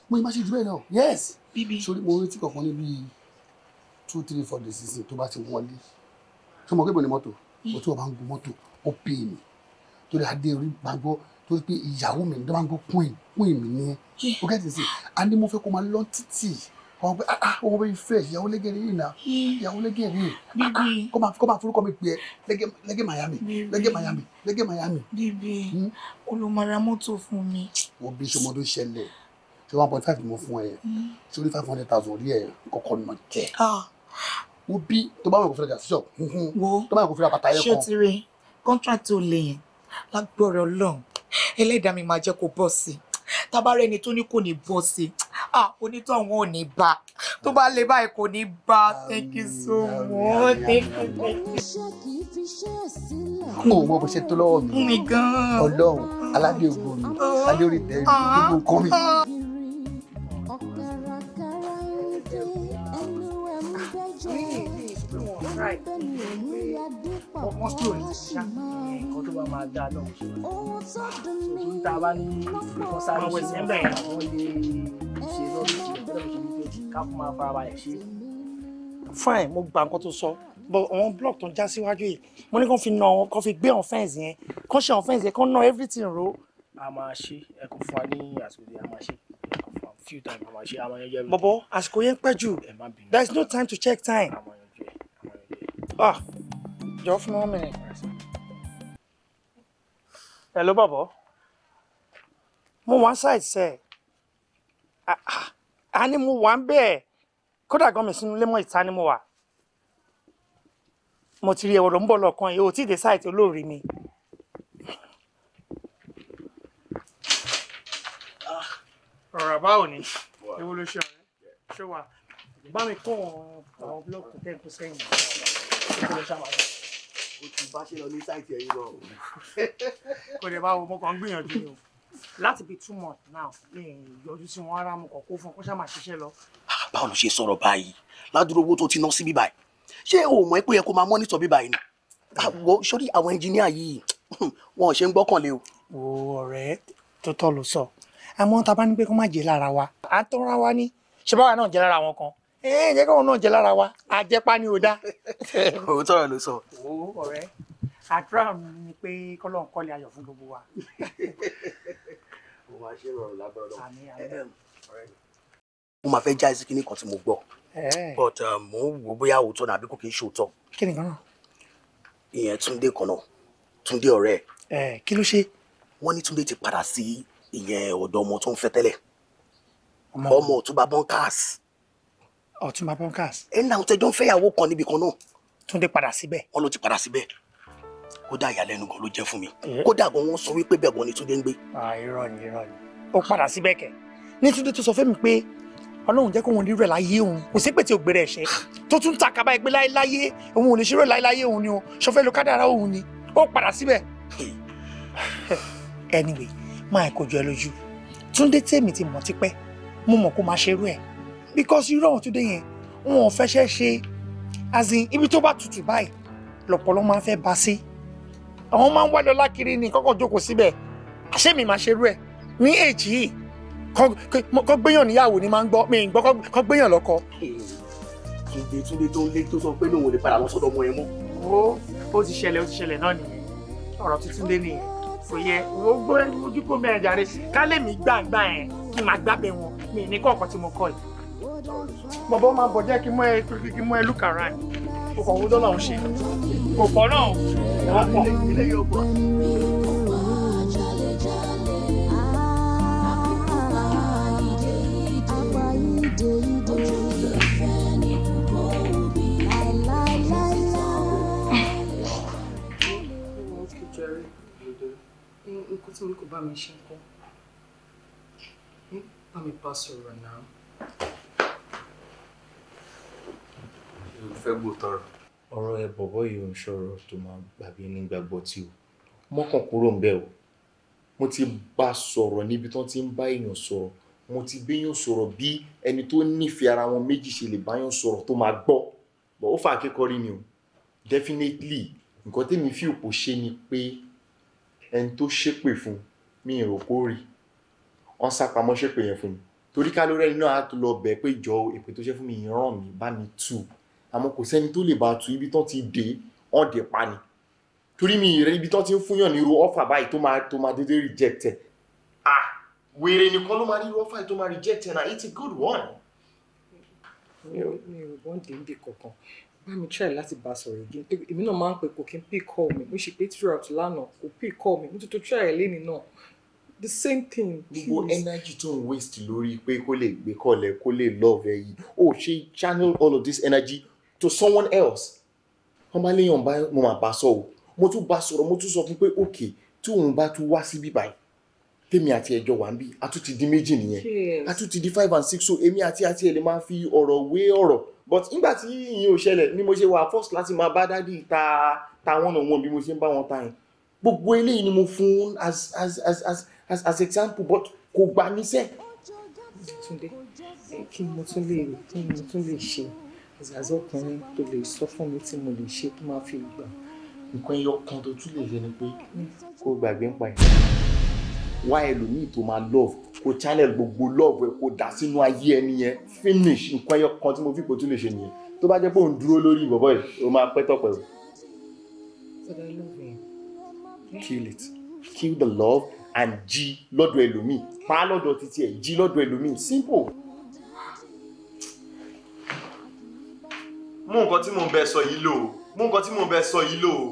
mo ì máa ṣe jù bẹ́ẹ̀ lọ yes. bíbí sórí mo retí kankan ní two three four days sísìn tó bá ti wọlé sọ ma pé ni mọ́tò o tí wọ́n bá ń gun mọ́tò ó pè mí torí adé orí bá gbọ́ torí pé ìyàwó mi ló bá ń gbọ́ queen queen mi ní o kẹ́tì sí a ní mo fẹ́ kó máa lọ títì kọ́ pé ah ah owó bẹ́ẹ̀ fresh ìyàwó lẹ́gẹ̀rẹ́ yìí náà ìyàwó lẹ́gẹ̀rẹ́ yìí ah, ah, kọ́ máa kọ́ máa forúkọ mi pè ẹ́ lẹ́gẹ̀ Miami lẹ́gẹ̀ Miami lẹ́gẹ̀ Miami. bíbí olùmọ̀ra hmm? mọ́tò fún mi. wọ́n bí sọmọ tó ṣẹlẹ̀ ṣé one point five ni mo fún ẹ yẹn hmm. ṣé ó ní five hundred thousand orí ẹ̀ kọ́kọ́ ni jẹ́. Ah wo bí tó bá wọn kò fẹ́ jà sísọ wo tó bá wọn kò fẹ́ bàtà yẹn kan. ṣé o ti rí kọ́ńtrátì olè yẹn lágbọ́rọ̀ ọlọ́run ẹlẹ́dàá mi máa jẹ́ kó bọ́ sí i tábàárẹ̀ ẹni tó ní kò ní bọ́ sí i ah onítọ̀hún ò ní bá tó bá lè báyìí kò ní bá thank you so much thank you thank you. o mọ bó ṣe tó lọ́wọ́ mi ọlọ́run aládé ògbó mi ah. alórí gbogbo nǹkan mi. ní ní ìsúpè wọn ọ̀rá ẹ̀ pé wọ́n sùn ní ṣá nǹkan tó bá máa dá a lọ́wọ́ ṣe wọ́n tá a bá ní nǹkan sáré ṣe ń bẹ̀ wọ́n lè ṣe lọ́dún tí wọ́n ṣe ní pé ká fún máa farabalẹ̀ ṣe. fine mo gba nǹkan tó sọ but àwọn block tó ń já síwájú yìí mo ní kàn fi nà wọn kàn fi gbé àwọn fẹ́ǹsì yẹn kàn ṣe àwọn fẹ́ǹsì yẹn kàn nà everything ro. a máa ṣe ẹ kò fún wa ní àsìkò yìí a máa ṣe few time a máa ṣe a máa yanjú there is no time to check time. ah just one minute. hello bọ̀bọ̀ mo one side say. Ah, ani mo one ń bẹ́ẹ̀ kódà gan mi sínú lémọ̀ ìta ni mo wà mo ti rí ẹ̀wọ̀n ló ń bọ̀ lọ́kàn yìí ò tí ì ọ̀rọ̀ àbáwò ni ewu ló ṣe ọ̀rẹ́ ṣé wà bá mi kó àwọn búlọ́ọ̀kù tẹ́ kó sẹ́yìn ìpínlẹ̀ ṣàwárí. o ti bá ṣe lọ ní sáìtì ẹ̀yìn lọ. kò lè bá wo mo kàn ń gbìyànjú ni o láti bí two months now ní ìyọjú tí wọ́n rá mo kàn kó fún kó ṣáà máa ṣiṣẹ́ lọ. Ah, báwo ló ṣe sọ̀rọ̀ báyìí ládùúgbò owó tó ti ná sí bíbáyìí ṣé o mọ̀ pé ó yẹ kó máa mọ́nítọ̀ bíbáyìí ni àwọ ah, sórí àwọn ẹnjìníà yìí wọn ò ṣe ń gbọ́kànlé o. wo ọ̀rẹ́ tó tọ́ ló àmọ́ tá a bá ní pé kó má jẹ lára wa à ń tọ́ra wa ní ṣe báwa náà jẹ lára wọn kan ẹ ẹ jẹ́ káwọn náà jẹ lára wa àjẹpá ni ò dá. òótọ́ rẹ̀ ló sọ. o ọ̀rẹ́ àdúrà ni pé kọ́lọ́n kọ́lé ayọ̀ fún gbogbo wa. mo máa ṣe ìrọ̀rùn lábẹ́ mo máa fẹ́ já ẹsẹ̀ kínní tí mo gbọ́ but mo ń wo bóyá òótọ́ nàbí kò kí ń ṣòótọ́. kí ni kan náà. ìyẹn Túndé kan náà Túndé ọ̀rẹ́ ẹ̀. kí ló ṣe. wọ́n ní Túndé ti padà sí ìyẹn ọ̀dọ̀ ọmọ tó ń fẹ́ tẹ́lẹ̀ ọmọ ọ̀túnba bọ́ńkàs. ọ̀túnba bọ́ńkàs. ẹ náà tẹjọ́ ń fẹ́yàwó kan níbi kan náà. túndé padà síbẹ̀. wọn ló ti padà síbẹ̀ kódà ìyàlẹ́nu gan ló jẹ́ fún mi eh. kódà gan wọn sọ wípé bẹ́ẹ̀ gan ni túndé ń gbé. irọ́ ni irọ́ ni ó padà síbẹ̀ kẹ̀ ní túndé tó sọ fẹ́mi pé ọlọ́run jẹ́ kó wọn rírẹ̀ láyé òun kò sí pé tí ògbèrè ẹ̀ṣẹ̀ tó tún takaba ẹgbẹ́ láyé òun ò lè ṣírò láyé òun ni o ṣọfẹ́ ló kádàrá òun ni ó padà síbẹ̀. anyway máa kò jọ ẹ lójú túndé tèmi ti mọ̀ tipẹ́ mo mọ̀ kó máa ṣerú ẹ̀ because irú àwọn túndé yẹn wọn ò fẹsẹ̀ ṣe as in ibi tó bá tutù báyìí lọ̀pọ̀lọ́ máa ń fẹ́ ba sí àwọn máa ń wá lọ́lá kiri ní kọ́kọ́ jókòó síbẹ̀ àṣé mi máa ṣerú ẹ̀ ní èjì yìí kọ́ gbéyàn níyàwó ni máa ń gbọ́ mi ń gbọ́ kọ́ gbéyàn lọ́kọ. túnde túnde tó ń lé tó sọ pé lòun ò lè padà lọ sọ́dọ̀ ọmọ yẹn mọ́. ó ti ṣẹlẹ̀ ó ti ṣẹlẹ̀ náà nìyẹn ọ̀rọ̀ tuntun lé nìyẹn kò wo gbọ́ ojú kò mẹ́rin jàre ká lè mí gbàgbà ẹ̀ kí n máa gbàgbẹ́ wọn mi ní kọ̀ọ̀kan tí mo kọ́ yìí. bọ̀bọ̀ máa bọ̀ jẹ́ kí mọ́ ẹ kí mọ́ ẹ look around kò kọ̀ wúdọ́ lọ́hùn ṣe kò pọ̀ náà kò pọ̀ ilé yóò pọ̀. Thank you. kó tí mo ní kò bá mi ṣe ń kọ́ hmm? bá mi bá sọ̀rọ̀ náà. ṣé o fẹ́ gbọ́ tọrọ. ọ̀rọ̀ ẹ bọ̀bọ̀ yìí ò ń ṣọ̀rọ̀ tó máa gbàgbé ní gbàgbọ́ tí o mọ́kàn kúrò ń bẹ̀ o mo ti bá a sọ̀rọ̀ níbi tó ti ń bá èèyàn sọ̀rọ̀ mo ti béèyàn sọ̀rọ̀ bí ẹni tó nífẹ̀ẹ́ ara wọn méjì ṣe lè báyàn sọ̀rọ̀ tó máa gbọ́ bọ̀ ó fà kékọ́rí ni o definitely nǹkan tẹ́mi fi òpò ṣe ni pé ẹni tó ṣépè fún mi ìrò kó rí wọ́n sá pamọ́ ṣépè yẹn fún mi torí ká lórí ẹni náà á lọ bẹ̀ pé jọ èpè tó ṣe fún mi ìran mi bá mi tù àmọ́ kò sẹ́ni tó lè bá tu ibi tán ti dé wọ́n dẹ̀ pa ni torí mi ìrẹ́ ibi tán ti ń fúnyàn ní irú ọ́fà báyìí tó máa tó máa dédé reject ẹ̀ ah wèrè nìkan ló máa ní irú ọ́fà tó máa reject ẹ̀ na it's a good one. mi ò bọ́ǹdì ń bì kankan bá mi try láti bá a sọ̀rọ̀ again èmi náà máa ń pè kò kí n pick call mi mo ṣe pé throughout lánàá kò pick call mi mo tún try ẹ̀ lẹ́ni náà the same thing. gbogbo energy tó ń waste lórí pé kó lè gbé kọlẹ̀ kó lè love ẹ yìí o ṣe channel all of this energy to someone else wọ́n bá léèyàn bá mo máa bá sọ o mo tún bá sọ̀rọ̀ mo tún sọ fún pé okay tí òun bá tún wá síbí báyìí tèmi àti ẹjọ wà ń bí a tún ti di méjì nìyẹn a tún ti di five and six so èmi àti àti ẹ lè máa fi ọ̀rọ̀ wé ọ̀rọ̀ but nígbà tí ìyẹn ò ṣẹlẹ̀ ni mo ṣe wà first láti máa bá dádì ta ta wọn náà wọn bí mo ṣe ń bá wọn ta yẹn gbogbo eléyìí ni mo fún as as as as as example but kò gbà mí sẹ́. kí mo tún lè kí mo tún lè ṣe àzàzọ ọkùnrin tó lè sọ fún mi tí mo lè ṣe tó máa fi gbà nǹkan ẹyọ kan tó tún lè ṣe ni pé mm. kó gbàgbé ń pa ẹ̀ wá ẹlòmíì tó máa love kó channel gbogbo love ẹ kó dà sínú ayé ẹni yẹn finish nǹkan ẹyọ kan tí mo fi kò tún lè ṣe nìyẹn tó bá jẹ́ pé òun dúró lórí ìbọ̀bọ̀ yìí ó máa pẹ́ tọ̀pẹ̀ o. kill it kill the love and jí lọ́dọ̀ ẹlòmíì pa lọ́dọ̀ títí ẹ̀ jí lọ́dọ̀ ẹlòmíì simple. mú nǹkan tí mò ń bẹ sọ yìí lò ó mú nǹkan tí mò ń bẹ sọ yìí lò ó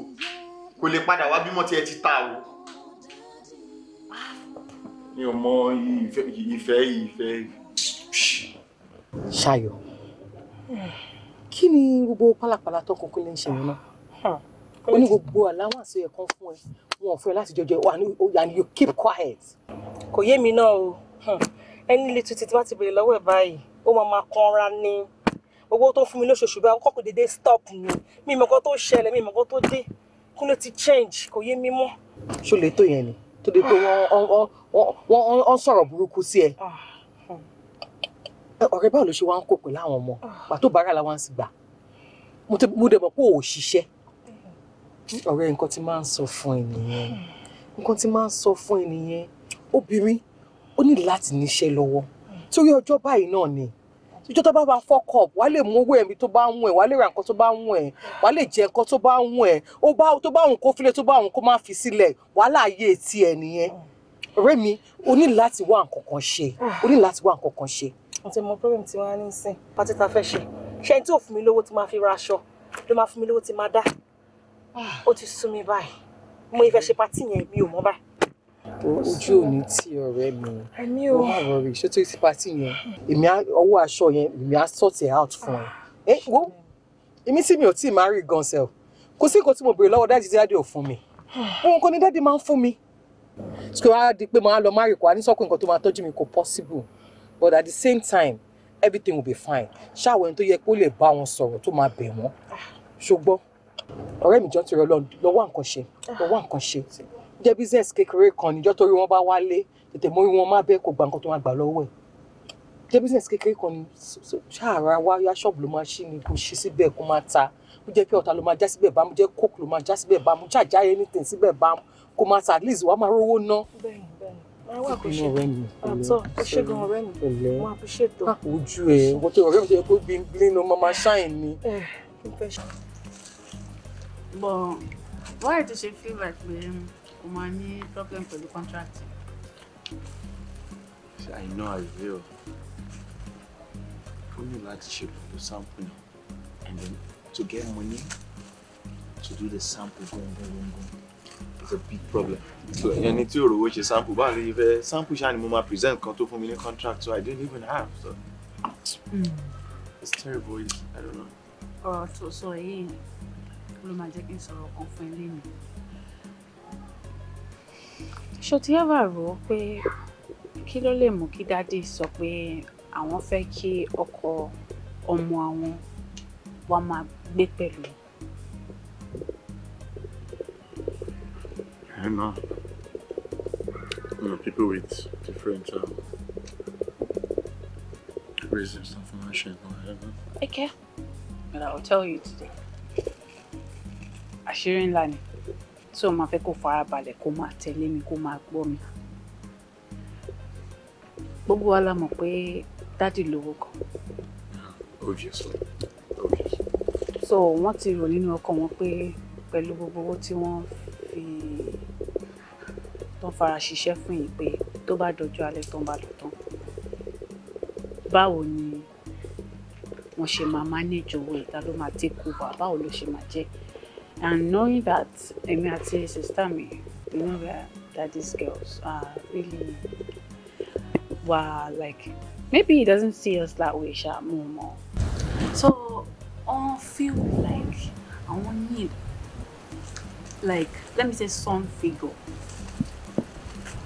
kò lè padà wá bímọ tí ẹ ti ta o mi ò mọ ìfẹ́ ìfẹ́ ìfẹ́. ṣayọ kí ni gbogbo pálapàla tọkùn kí lè ń ṣe yẹn náà hmm. ó ní gbogbo àláwọn àṣọ yẹn kan fún ẹ wọn ò fún ẹ láti jọjọ wà ní and you keep quiet. kò yé mi náà o hmm. ẹni lè tuntun tí wọ́n ti bèrè lọ́wọ́ ẹ̀ báyìí ó máa ma kanra ní owó tó fún mi lóṣooṣù bá kọ́kọ́ dédé stop ni mi mọ̀kọ́ tó ṣẹlẹ̀ mi mọ̀kọ́ tó dé kúnlẹ̀ ti change kò yé mi mọ́. ṣó lè tó yẹn ni tó di pé wọ́n sọ̀rọ̀ burúkú sí ah, ẹ. ọ̀rẹ́ báwo ló ṣe wá ń kò pẹ̀lú àwọn ọmọ pàtó ah. bàárà làwọn ń sì gbà mo dẹ̀ mọ̀ pé ò ṣiṣẹ́ ọ̀rẹ́ nǹkan tí máa ń sọ fún ẹ nìyẹn nǹkan tí máa ń sọ fún ẹ nìyẹn obìnrin ó ní láti níṣẹ́ lọ́wọ́ hmm. torí ọjọ́ báyìí náà ni ìjọ tó bá bá fọk up wàá lè mú owó ẹ̀mí tó bá ń wọ̀ ẹ́ wàá lè ra nǹkan tó bá ń wọ̀ ẹ́ wàá lè jẹ nǹkan tó bá ń wọ̀ ẹ́ tó bá òun kó filẹ̀ tó bá òun kó má fi sílẹ̀ wàhálà ayé tiẹ̀ nìyẹn ọ̀rẹ́ mi o ní láti wá nǹkan kan ṣe o ní láti wá nǹkan kan ṣe. àti mo problem tí wọn á ní sìn pátí ta fẹ́ ṣe ṣe ẹni tí ò fún mi lówó tí máa fi ra aṣọ ló máa fún mi lówó tí máa dá ah, ó ti sú mi báyìí mo ìfẹ́ ojú òní tí ọ̀rẹ́ mi ẹ̀mí o wà rọrí ṣé tó ti pàtì yẹn èmi ọwọ́ aṣọ yẹn èmi á sort out fún ẹ ẹ ah, eh, wo èmi tí mi ò tíì marry gan sef kò sí nǹkan tí mo béèrè lọ́wọ́ dájú tí dájú ò fún mi òun kò ní dájú máa ń fún mi sọ wá di pé màá lọ marry kó a ní sọ́kùn nǹkan tó máa tọ́jú mi kò possible but at the same time everything will be fine ṣáà wẹ̀ni tó yẹ kó lè bá wọn sọ̀rọ̀ tó máa bẹ̀ wọ́n ah. ṣùgbọ́n ọ̀rẹ́ mi jọ́ ti rẹ lọ́wọ́ nǹkan ṣe lọ́wọ́ ah jẹ́ business kékeré kan níjọ́ torí wọ́n bá wálé tètè mórí wọn má bẹ́ẹ̀ kó gba nǹkan tó máa gbà lọ́wọ́ ẹ̀ jẹ́ business kékeré kan ní ṣàrà wá yá ṣọ́ọ̀bù ló máa ṣí ni kò ṣí síbẹ̀ kó máa ta kó jẹ́ pé ọ̀tá ló máa já síbẹ̀ bámu jẹ́ coke ló máa já síbẹ̀ bámu jàjà anything síbẹ̀ bámu kó máa ta at least wàá máa rówó ná. bẹ́ẹ̀ bẹ́ẹ̀ máa wà kó ṣe àtọ̀ ó ọ̀rẹ́ mi mo appreciate o. Ah, ojú ẹ nǹkan tó ọ̀rẹ́ mi jẹ́ pé gbingbin ló máa ṣáìn ni. feel like pé o máa ní problem pẹ̀lú contract. I know I will. ó ní láti ṣe pẹ̀lú sample náà and then to get money to do the sample gbọ̀ngbọ̀ngbọ̀ngbọ̀ it's a big problem. so ẹni tí òrò wo ṣe sample báwo ni ìfẹ́ sample ṣáà ni mo máa present kan tó fún mi ní contract so I didn't even have so mm. it's terrible I don't know. ọ̀rọ̀ tó sọ yìí ló máa jẹ́ kí n sọ̀rọ̀ kan fún ẹ lẹ́yìn ṣó ti rò ó pé kí ló lè mú kí dádì sọ pé àwọn fẹ́ kí ọkọ ọmọ àwọn wá máa gbé pẹ̀lú. I You know, people with different um, reasons and financial or whatever. Okay. But I will tell you today. Àṣírí ńlá ni tí o máa fẹ́ kó farabalẹ̀ kó máa tẹ̀lé mi kó máa gbọ́ mi gbogbo wa la mọ̀ pé dádì lówó kan. obviously oh, obviously. Oh, so wọ́n ti rò nínú ọkàn wọn pé pẹ̀lú gbogbo owó tí wọ́n fi tán fara ṣiṣẹ́ fún yìí pé tó bá dojú alẹ́ tán bá lọ tán báwo ni wọ́n ṣe máa manage owó ìta ló máa take over báwo ló ṣe máa jẹ́ and knowing that Emi àti sister mi you know that, that these girls are really were like maybe he doesn't see us that way ṣá mo more. so all feel like I àwọn need like let me say some figure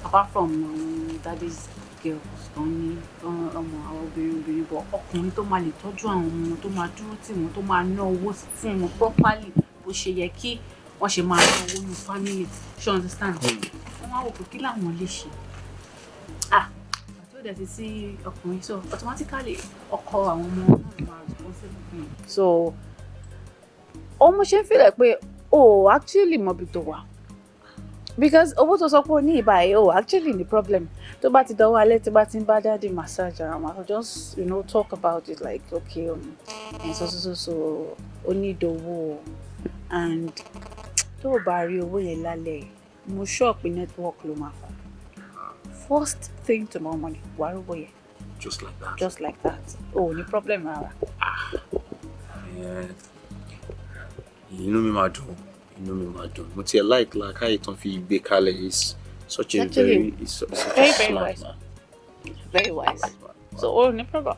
apart from um, daddy's girls tó ọmọ àwọn obìnrin obìnrin bọ ọkùnrin tó máa lè tọ́jú àwọn ọmọ tó máa dúró tì wọ́n tó máa ná owó fún wọn properly bó ṣe yẹ kí wọ́n ṣe máa san owó ní family ṣe understand hmm. wọ́n wá wò pé kí làwọn lè ṣe ah àti ó dẹ̀ ti sí ọkùnrin so automatically ọkọ àwọn ọmọ náà máa responsible so ó mú ṣe ń fìlẹ̀ pé o actually mọ̀bi tó wà because owó tó sọ pé o ní ibà o actually ní problem tó bá ti dọwọ́ alẹ́ tó bá ti ń bá dáàdi massage ara wọn just you know talk about it like okay um, so so so so o ní ìdòwò o and tó o bá rí owó yẹn lálẹ́ mo ṣọ́ọ̀pù network ló máa kọ́ first thing tomorrow morning wà á rówó yẹn. just like that. just like that o oh, ní problem rárá. Ah, inú mi máa dùn inú mi máa dùn mo tiẹ̀ láì la káyé tán fi gbé kalẹ̀ is such a very very, very smart wise. man. very wise so o oh, ní problem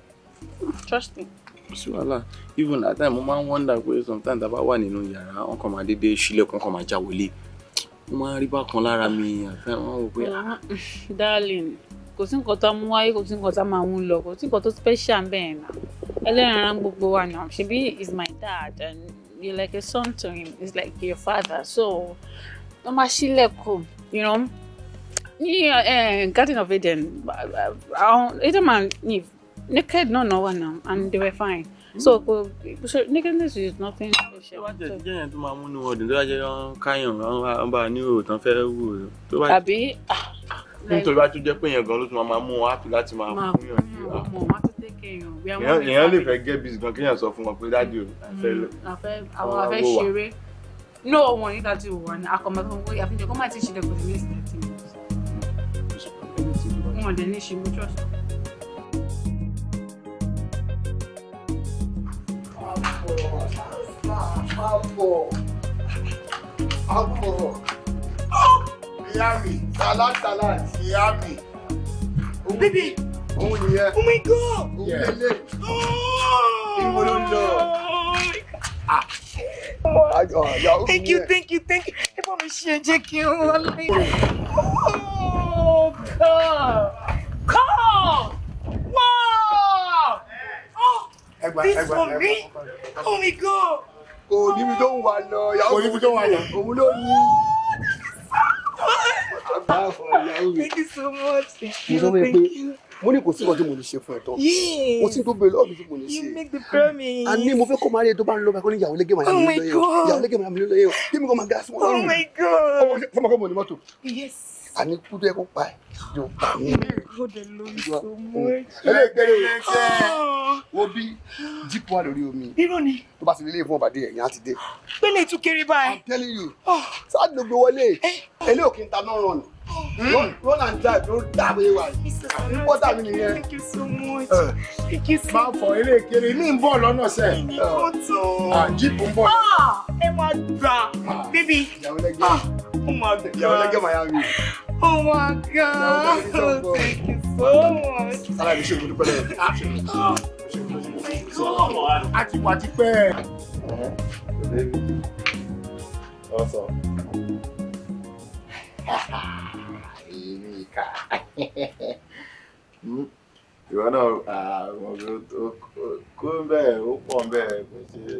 trust me sí wàhálà even at time mo máa ń wonder pé sometimes tá wà nínú yàrá wọn kàn máa dédé sílẹ̀ kàn máa já wọlé mo máa ń rí bákan lára mi àti àwọn wò pé. Ah, ah, darling kò sí nǹkan tó mú wáyé kò sí nǹkan tó máa mú lọ kò sí nǹkan tó special ń bẹ̀rẹ̀ náà ẹlẹ́ran ara gbogbo wa náà ṣebí is my dad and you're like a son to him he's like your father so wọ́n máa ṣílẹ̀kùn you know ní eh, Garden of Eden Adam and Eve naked no no one, náà um, and they were fine so hmm. so nakedness is nothing special. tó bá jẹ jíjẹ yẹn tó máa múnú ọdún tó bá jẹ káyàn wọn bá ní òòrùn tán fẹ́ wù ú tó bá. àbí. Ah, nítorí bá tún jẹ́ pé yẹn gan ló tún máa mú wọn ápì láti máa fún yàn ní ìwà. èèyàn lè fẹ́ gẹ́ bíi gan kéèyàn sọ fún wọn pé dáàdi o àfẹ́ àwọn afẹ́ ṣeré ní òun ní dáàdi o wà ní akọ̀mọ̀tò owó àfihàn kó má ti ṣe lẹ́kọ̀ọ́ ní ìsìn tí mo sọ. wọn ò dẹ̀ ní ṣe mo trust. àbọ̀ àbọ̀ ìyá mi tàlátàlá àti ìyá mi. bíbí òun nìyẹn. oh my god. òun lélẹ̀. ìwọ ló ń lọ. thank you thank you thank you ẹ bá mi ṣe jẹ́ oh god. this for me oh my god. kò níbi tó ń wà lọ yàwó níbi tó ń wà lọ òun ló ní. thank you so much. thank you thank you mo ní kò sí nǹkan tí mo lè ṣe fún ẹ tán kò sí tó bèrè ọ̀bì tí mo lè ṣe you make the promise a ní mo fẹ́ kó máa rí ẹ tó bá ń lọ bá kó ní ìyàwó lẹ́gẹ̀ẹ́ màá yà mí lóye o ìyàwó lẹ́gẹ̀ẹ́ màá yà mí lóye o kí mi kò máa ga sí wọn lọ́rùn fọmọkẹ́ mo ní mọ́tò. yes àní kú tó pa ẹ yóò pa mí. ó dẹ̀ lórí so much. Ah! wo bí jípò wà omi. irọ́ ni. tó bá ti lélẹ̀ fún ọ̀bàdì ẹ̀yìn á ti dé. pélé tún kéré I'm telling you ah! sáà ló gbé wọlé eh? eléyò kí n ta náà rán hmm? run and drive ló dáwé wa yìí bọ́dà mi nìyẹn. thank you so much. Eh. thank you so much. fọ eré kéré ní ń bọ̀ lọ́nà sẹ́. ìní kò tó. jípò ẹ máa gbà ah. bíbí. ìyàwó lẹ́gẹ̀ẹ́ ìyàwó lẹ́gẹ̀ẹ́ máa Oh my God! thank you so much. Ara mi ṣe mo dúpẹ́ lọ́wọ́. A ti wà tipẹ́. Ọ̀sán. Èmi ìka. Ìwọ náà àwọn kó ń bẹ̀rẹ̀ ó pọ̀ ń bẹ̀rẹ̀ kò ṣe é.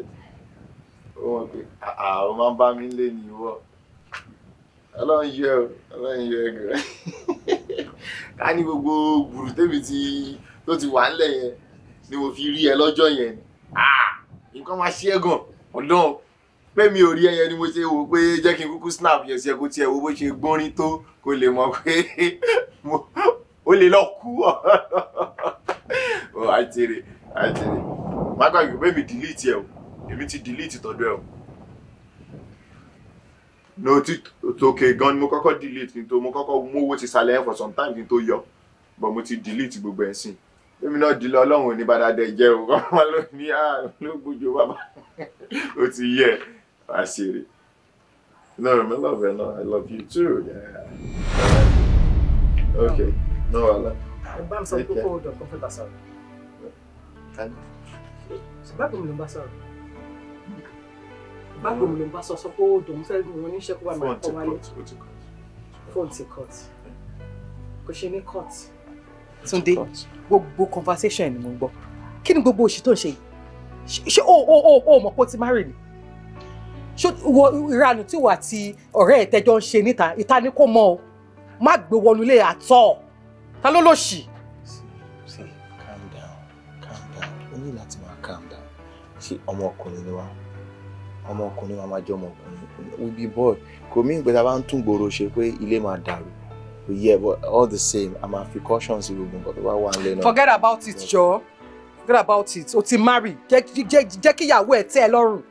Ó mọ̀ pé àwọn ah, ah, máa ń bá mi lé ní ìwọ ọlọ́run yẹ ọ ọlọ́run yẹ ẹ gan ká ní gbogbo gbùrù tèmi tí tó ti wà ńlẹ̀ yẹn ni mo fi rí ẹ lọ́jọ́ yẹn ni nǹkan máa ṣe é gan ọ̀dán pé mi ò rí ẹyẹ ni mo ṣe wò pé jẹ́ kí n kúkú snap yẹ̀ sí ẹ kó tiẹ̀ wo bó ṣe gbórin tó kó lè mọ̀ pé ó lè lọ kú ọ̀ ọ̀ àjèrè àjèrè má gbàgbé pé mi delete ẹ o èmi ti delete tọ́jú ẹ o no ti tòkè gan ni mo kọ́kọ́ delete ní tó mo kọ́kọ́ mówó ti sàlẹ̀ ẹ̀ for some time ní tó yọ but mo ti delete gbogbo ẹ̀ sìn èmi náà di lọ ọlọ́run ò ní bàdà dẹ̀ jẹ́ o kọ́ máa ah, ló ní àlógbòjò bàbá o ti yẹ àṣírí no mi love you no i love you too yeah. okay no wahala. ẹ bá mi sọ pé kókó ọdọ kan fẹ́ bá sọ̀rọ̀. ṣùgbọ́n àpò mi ló ń bá sọ̀rọ̀ báwo ló ń bá sọ sọ pé ó dòun fẹ́ gùn wọn níṣẹ́ kó bá máa kọ́ wálé fóònù ti cut kò ṣe ní cut. Túndé gbogbo conversation ni mo gbọ́ kí ni gbogbo òṣì tó ń ṣe yìí ṣé o o o o mọ̀ pé o ti marry ni ṣé wo ìranù tí wà tí ọ̀rẹ́ ẹ̀ tẹ́jọ́ ń ṣe níta ìta ni kò mọ̀ o má gbé wọnú ilé àtọ̀ ta ló lò ṣì. calm down calm down o ní láti máa calm down ṣé ọmọkùnrin ni wá ọmọkùnrin máa jẹ ọmọkùnrin we be boy kò mí ìgbésà bá ń tún gbòòrò ṣe pé ilé máa dàrú yeah but all the same a máa fi gbogbo nǹkan tó bá wà nílé náà. forget about it jọ forget about it o ti marry jẹ́ kí ìyàwó ẹ̀ tẹ́ ẹ lọ́rùn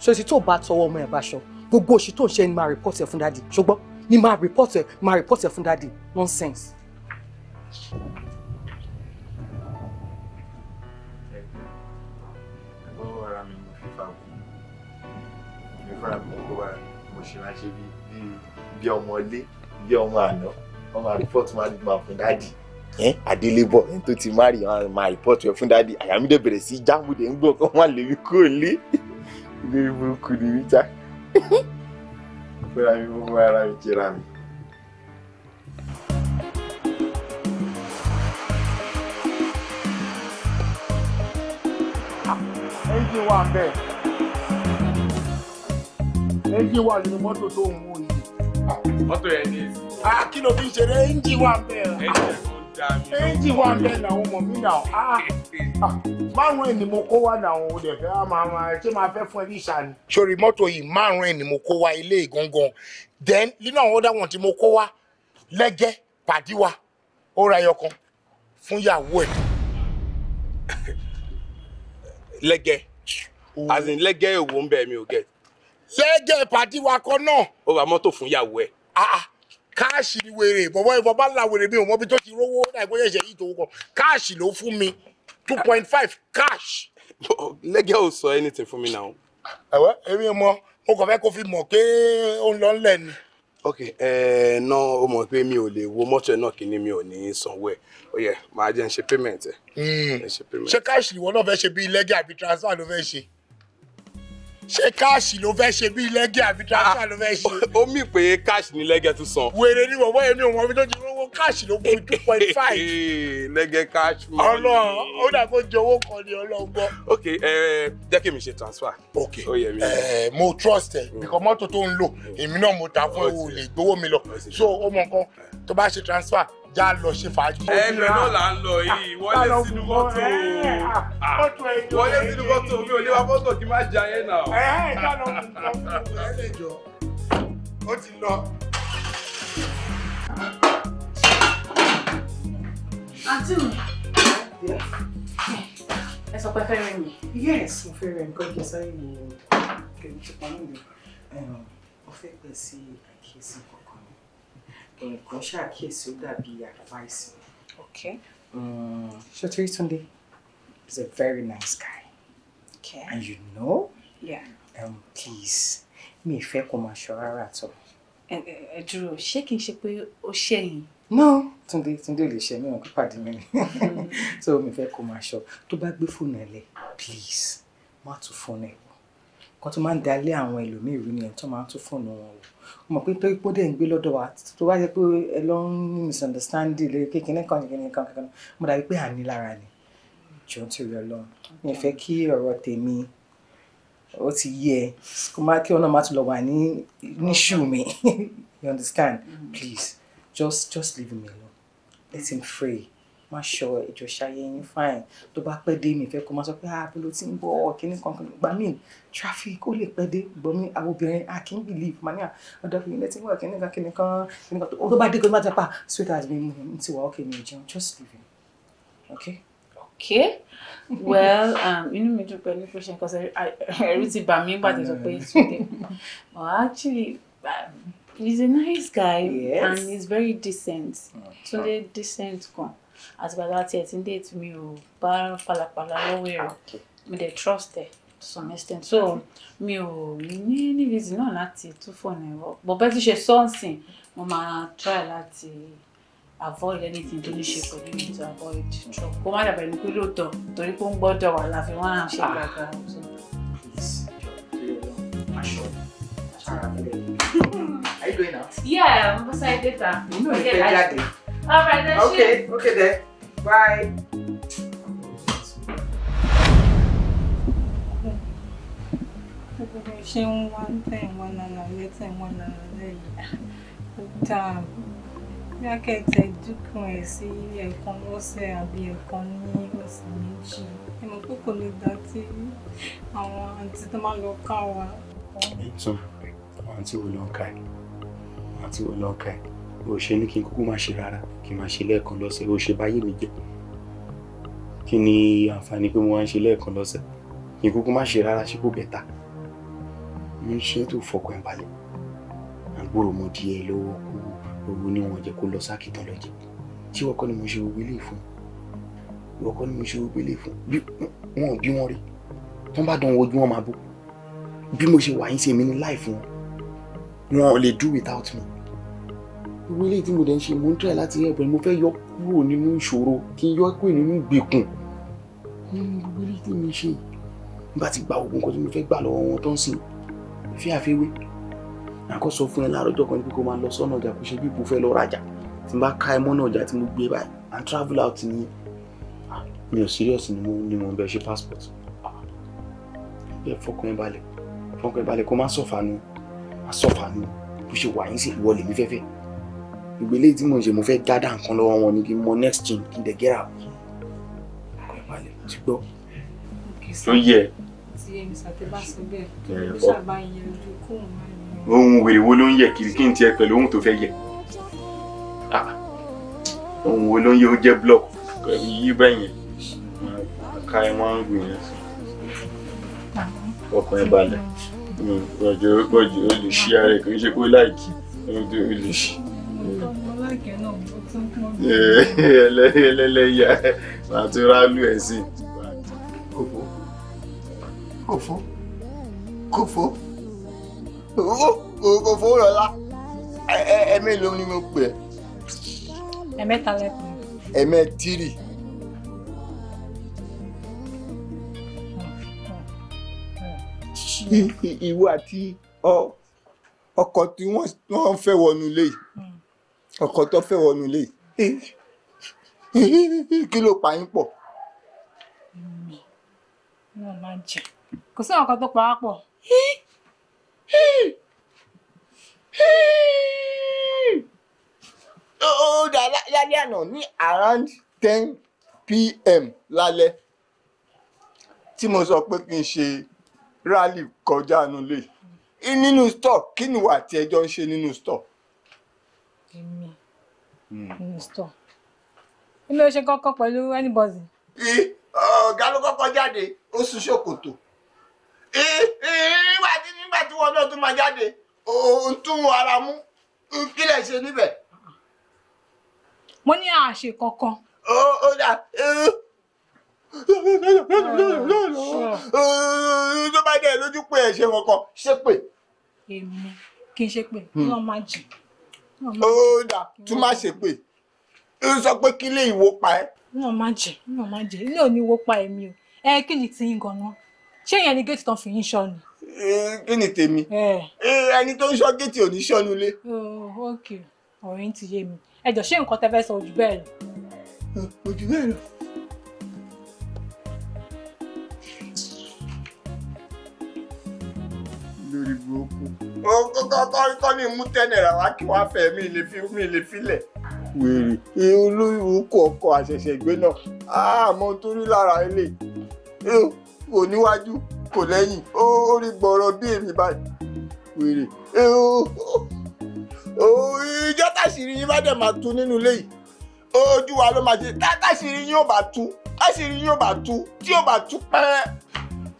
ṣe ti tó bá tọwọ́ ọmọ ẹ̀ bá ṣọ gbogbo òṣì tó ń ṣe ni máa report ẹ̀ fún dáàdì ṣùgbọ́n ni máa report ẹ̀ máa report ẹ̀ fún dáàdì nonsense. ìyá ọmọ ilé ìyá ọmọ àná wọn máa rìpọ́tù máa ní máa fún dáàdì ẹ adélébọ̀ ẹni tó ti má rí wọn máa rìpọ́tù ẹ fún dáàdì àyàmídé bẹ̀rẹ̀ sí jámúdé ń gbọ́ kó wọn lè rí kó lé ilé burúkú ni mí já fúnra mi mo mọ ara mi jẹra mi. èyí wà ń èyí wà nínú mọ́tò tó ń wú ni mọ́tò yẹn ní èsì. Ah, kí ló fi ń ṣeré ẹ́ńjì wà bẹ́ẹ̀. ẹ́ńjì wà bẹ́ẹ̀ làwọn ọmọ mi nà ah, ah, márùn-ún ẹ̀ ni mo kó wá làwọn olè fẹ́ máa máa ṣé máa fẹ́ fún ẹ ní ìṣàní. sórí mọ́tò yìí márùn-ún ẹ̀ mo kó wá ilé ìgangan then nínú àwọn ọ̀dà wọn tí mo kó wá lẹ́gẹ́ pàdíwà ó ra ẹyọ kan fún ìyàwó ẹ̀ lẹ́gẹ́ as in lẹ́gẹ́ èwo ń bẹ̀ mi ò get ṣẹ́gẹ̀ ìpàdé wa kan náà. ó ra mọ́tò fún ìyàwó ẹ̀. Ah, ah. káàṣì ni wèrè bọ̀bọ̀ ìbọn bá la wèrè mi ò mọbi tó ti rówó láìpẹ́ ẹ̀ṣẹ̀ yìí tó kọ káàṣì ló fún mi two point five cash. lẹ́gẹ̀ ò sọ anything fún mi náà. ẹ̀wẹ́ èmi mọ mo kàn fẹ́ kó fi mọ̀ pé ó ń lọ ńlẹ̀ ni. ok ẹ ná o mọ̀ pé mi ò lè wo mọ́tò ẹ̀ náà kí ni mi ò ní sanwó ẹ̀ ó yẹ màá jẹ́ ń ṣe payment ẹ̀. Hmm. ṣé káàṣì ìwọ náà fẹ́ ṣe bí lẹ́gẹ̀ àbí transfer ló fẹ́ ṣe ṣé káàṣì ló fẹ́ ṣe bíi lẹ́gẹ̀ àbí transfer ló fẹ́ ṣe. Ah, ó mì pé káàṣì ni lẹ́gẹ̀ tún san. wèrè ni bọ̀bọ́ yẹn mi ò mọ ibi tó ti rówó káàṣì ló kún two point five. lẹ́gẹ̀ káàṣì mọ́ ni. ọlọ́run ó dà kó jẹ owó kan ní ọlọ́run gbọ́. ok jẹ́ kí mi ṣe transfer. ok mo trust ẹ mm. because mọ́tò tó ń lò èmi náà mo ta fún ewu lè gbowó mi lọ so ó mọ nǹkan tó bá ṣe transfer já lọ ṣe fàájì. ẹ lọ náà là ń lọ yìí ah, wọlé sínú mọ́tò ah, ah, wọlé sínú mọ́tò mi ò lè wa mọ́tò kí n má jẹ ayé náà. ẹ ẹ já lọ fún mi ẹ lè jọ ó ti lọ. àǹtí mi ẹ sọ pé fẹ́ rẹ̀ mi. yes mo fẹ́ rẹ̀ nǹkan jẹ sáré mi kẹ́mi ṣe pamọ́ mi ò fẹ́ pẹ̀ sí àkíyèsí kan nǹkan ṣàkíyèsí ó dàbí advice mi. okay. Mm. ṣètìrí Túndé is a very nice guy. okay. and you know. yeah. Um, please mi ì fẹ́ kó máa ṣọ́ rárá tó. ẹ dúró ṣé kìí ṣe pé ó ṣẹ̀yìn. no Túndé Túndé ò lè ṣe mí wọn kó pàdé mi mm-hmm. so mi fẹ́ kó máa ṣọ́ tó bá gbé fóònù ẹ lẹ please má tún fóònù ẹ wọ kan tó máa ń dalé àwọn ẹlòmíì rú nìyẹn tó máa tún fóònù wọn wò mọ̀ pé torí pé ó dẹ̀ ń gbé lọ́dọ̀ wa tó bá jẹ́ pé ẹ lọ ń ní misunderstanding lórí pé kìnìún kan kìnìún kan kìnìún kan mo dàbí pé àní lára ni jọ ń torí ọlọ́run mi fẹ́ kí ọ̀rọ̀ tèmi ó ti yẹ kó má kí ọ̀nà má tún lọ wà ní níṣù mi you understand mm. please just just leave me alone let him free má ṣọ ìjọṣayé yín fáìn tó bá pẹ́ dé mi fẹ́ kó máa sọ pé àbí ah, ló ti ń bọ̀ kíní kan kan gbà mí traffic ó lè pẹ́ dé gbọ́ mi àwọn obìnrin i ah, can't believe mani ah, ọ̀dọ̀ fi ilé tí wọ́n kíní kan kíní kan kíní kan tó bá dé kó má tẹ́ pa sweet as mi mi ti wà okay mi ò jẹun just leave him okay. okay well um, inú mi dùn pẹ̀lú pé ṣe nǹkan sẹ́rí ẹ̀rú ti bà mí gbàdé sọ pé it's okay well, actually. Um, he's a nice guy yes. and he's very decent. Tunde decent gan àtìgbàgbà tiẹ̀ ti ń date mi ò bá pàlàpàlà lọ́wọ́ ẹ̀rọ mo dẹ̀ trust ẹ̀ to some extent so mi ò ní ní reason náà láti tú fóònù ẹ̀rọ but bẹ́ẹ̀ tí ṣe sọ́ọ̀sìn mo máa try láti avoid anything tó ní ṣe pẹ̀lú mi to avoid trouble kó má dàbẹ̀ ní pé lóòótọ́ torí pé ó ń gbọ́dọ̀ wà láfi wọ́n á ṣe ah. gbàgbà ọ̀tún. Are you going out? Yeah, I'm beside data. Ah. You know, you're All right, then. Okay, she... okay then. Bye. ṣe ń wá tẹ̀ wọ́n nana lẹ́tẹ̀ wọ́n nana lẹ́yìn ó dáa bí akẹ́tẹ̀ dúkùn ẹ̀ sí ẹ̀ẹ̀kan lọ́sẹ̀ àbí ẹ̀ẹ̀kan ní ọ̀sẹ̀ méjì ẹ̀mọ̀ pé kò lè dá tí àwọn àǹtí tó máa lọ ká wa. ètò àwọn àǹtí wo ló ń ka ẹ̀ àǹtí wo ló ń ka o ṣe ní kí n kúkú má ṣe rárá kí n má ṣe lẹ́ẹ̀kan lọ́sẹ̀ o ṣe báyé mi jẹ́ kí ni àǹfààní pé mo wá ń ṣe lẹ́ẹ̀kan lọ́sẹ̀ kí n kúkú má ṣe rárá ṣe kò bẹ̀ta mo ń ṣe tó fọkàn ẹ̀ balẹ̀ àgbòrò mo di ẹ lọ́wọ́ kú owó níwọ̀n jẹ́ kó lọ sákìtàn lọ́jẹ́ tí wọ́n kọ́ ni mo ṣe gbogbo ilé fún wọ́n kọ́ ni mo ṣe gbogbo ilé fún wọn ò bí wọn rí tán bá dán ojú wọn máa bó bí mo ṣe wà yín sí èmi ní láì fún wọn wọn ò lè do without me irú eléyìí tí mo dẹ̀ ń ṣe mo ń tẹ̀ láti yẹ ìbẹ̀rẹ̀ mo fẹ́ yọ kúrò nínú ìṣòro kí n yọ kúrò nínú ìgbèkùn nínú irú eléyìí tí mo ṣe nígbà tí gba oògùn kan tí mo fẹ́ gbà lọ́wọ́ wọn tó ń sìn fi àfiwé àkọ́ sọ fún ẹ láàárọ̀jọ́ kan pé kó máa lọ sọ́nà ọjà kó ṣe bí ipò fẹ́ lọ rajà tí n bá ká ẹ mọ́nà ọjà tí mo gbé báyìí and travel out ni ah, mi ò serious ni mo ni mo bẹ ṣe passport bẹ ah, fọkàn ẹ balẹ̀ fọkàn ẹ balẹ̀ kó má sọ̀fà nu má sọ̀fà nu bó ṣe wà yín sí ìwọlé mi fẹ́fẹ́ ìgbélé tí mo ṣe mo fẹ́ gádà nǹkan lọ́wọ́ wọn ni kí n mọ next gen kí n dẹ̀ gẹ́ra kọ́ ẹ̀ balẹ̀ ti gbọ́. tó yẹ. ti mr teba sọ bẹ́ẹ̀ kí ló ṣàbá ìyẹn ojú kóun máa ń yọ. ohun wèrè wo ló ń yẹ kiri kí n tiẹ̀ pẹ̀lú ohun tó fẹ́ yẹ ah. ohun wo ló ń yẹ ó jẹ́ block yí bẹ́yẹn ká ẹ máa ń gbìn yẹn sí ọkàn ẹ balẹ̀ olùṣí ara ẹ kì í ṣe pé láìkí olùṣí ẹlẹ́yà màá tún rálù ẹ̀ sí. kòfó kòfó kòfó kòfó rọlá ẹ̀mí ló ní mo pè é. ẹ̀mẹ́ta lẹ́kùn. ẹ̀mẹ́ tírì. ìwọ àti ọkọ tí wọ́n fẹ́ wọnú ilé yìí. Hmm ọkọ tó fẹ́ wọnú ilé kí ló pa yín pọ̀. wọn máa jẹ kò sí ọkọ tó pa á pọ̀. ó dà lálẹ́ àná ní around ten pm lálẹ́ tí mo sọ pé kí n ṣe rally kọjá nulẹ̀ nínú store kí ni wà tí ẹjọ́ ń ṣe nínú store èmi ní store èmi ò ṣe kọ́kọ́ pẹ̀lú anybody. ọ̀gá ló kọ́kọ́ jáde ó sùn ṣòkòtò nígbà tí wọn náà tún máa jáde òun tún ara mú kí lè ṣe níbẹ̀. mo ní àṣe kankan. ó dà tó bá dẹ̀ lójú pé ẹ̀ ṣe kankan ṣépè. èmi kì í ṣépè hmm. lọ́ọ́ máa jìn ó dà tún má ṣe pé ó sọ pé kí lè ìwo pa ẹ́. náà má jẹ náà má jẹ ilé ò ní wo pa èmi o ẹ kí ni ti yín ganan ṣé ìyẹn ni géètì tán fi yín ṣọ ni. kí ni tèmi ẹni tó ń ṣọ́ géètì ò ní ṣọ́nu ilé. ok ọ̀rọ̀ yín ti yé mi ẹ jọ ṣé nǹkan tẹ́ fẹ́ sọ ojú bẹ́ẹ̀ lọ. ojú bẹ́ẹ̀ lọ. lórí burúkú kọ́ ni mú ten naira wá kí wá fẹ́ mi lè fi mi lè filẹ̀. wèrè olóyún kọ̀ọ̀kan àṣẹ̀ṣẹ̀ gbé náà àmọ́ torí lára ilé kò níwájú kò lẹ́yìn ó rí gbọ̀rọ̀ bí èmi báyìí wèrè ìjọ táṣìírí yín bá dẹ̀ máa tú nínú ilé yìí ojú wa ló máa ṣe táṣìírí yín ò bá tú táṣìírí yín ò bá tú tí ò bá tú pẹ́ẹ́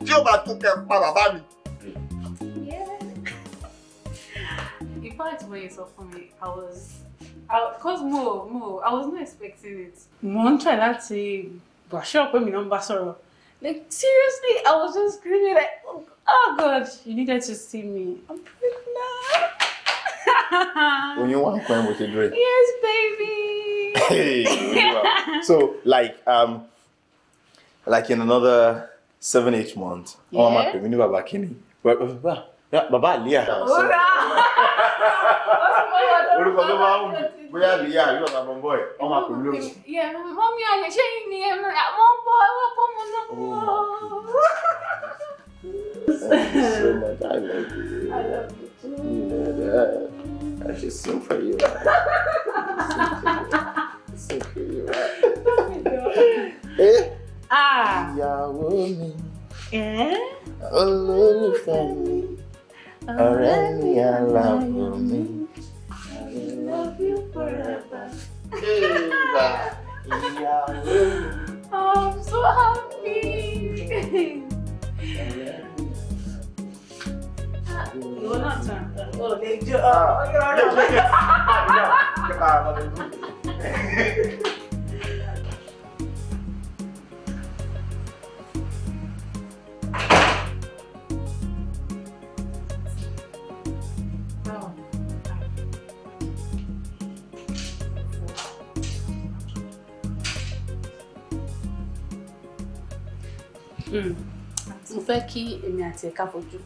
tí ò bá tú kẹ́ pa bàbá mi. liked what you yourself for me. I was, because mo mo, I was not expecting it. Mo ń try láti brush up when mi number ń Like seriously, I was just screaming like, oh, oh God, you needed to see me. I'm pregnant. When you want to come with a drink? Yes, baby. Hey, so like um, like in another seven eight months, ọmọ máa pè mí ní bàbá kínní bàbá àlíyà. ọ̀rá orúkọ tó máa ń wù bóyá àlíyà àbí bàbá bọ̀m̀bọ̀ ẹ̀ wọ́n máa pè mí lórí. mọ́mí àlè ṣé yìí ni wọ́n bọ́ wọ́n bọ́ mọ́ lọ́wọ́. so much I love you. I love you I should sing for you. Sing for you. Sing for you. Eh? Ah. Ìyàwó mi. Eh? Olólùfẹ́ Already I love you I will love you forever. oh, I'm so happy. You not turn. Oh, they do. Oh, you're not. Hmm. mo fẹ́ kí èmi àti ẹ̀ka fojú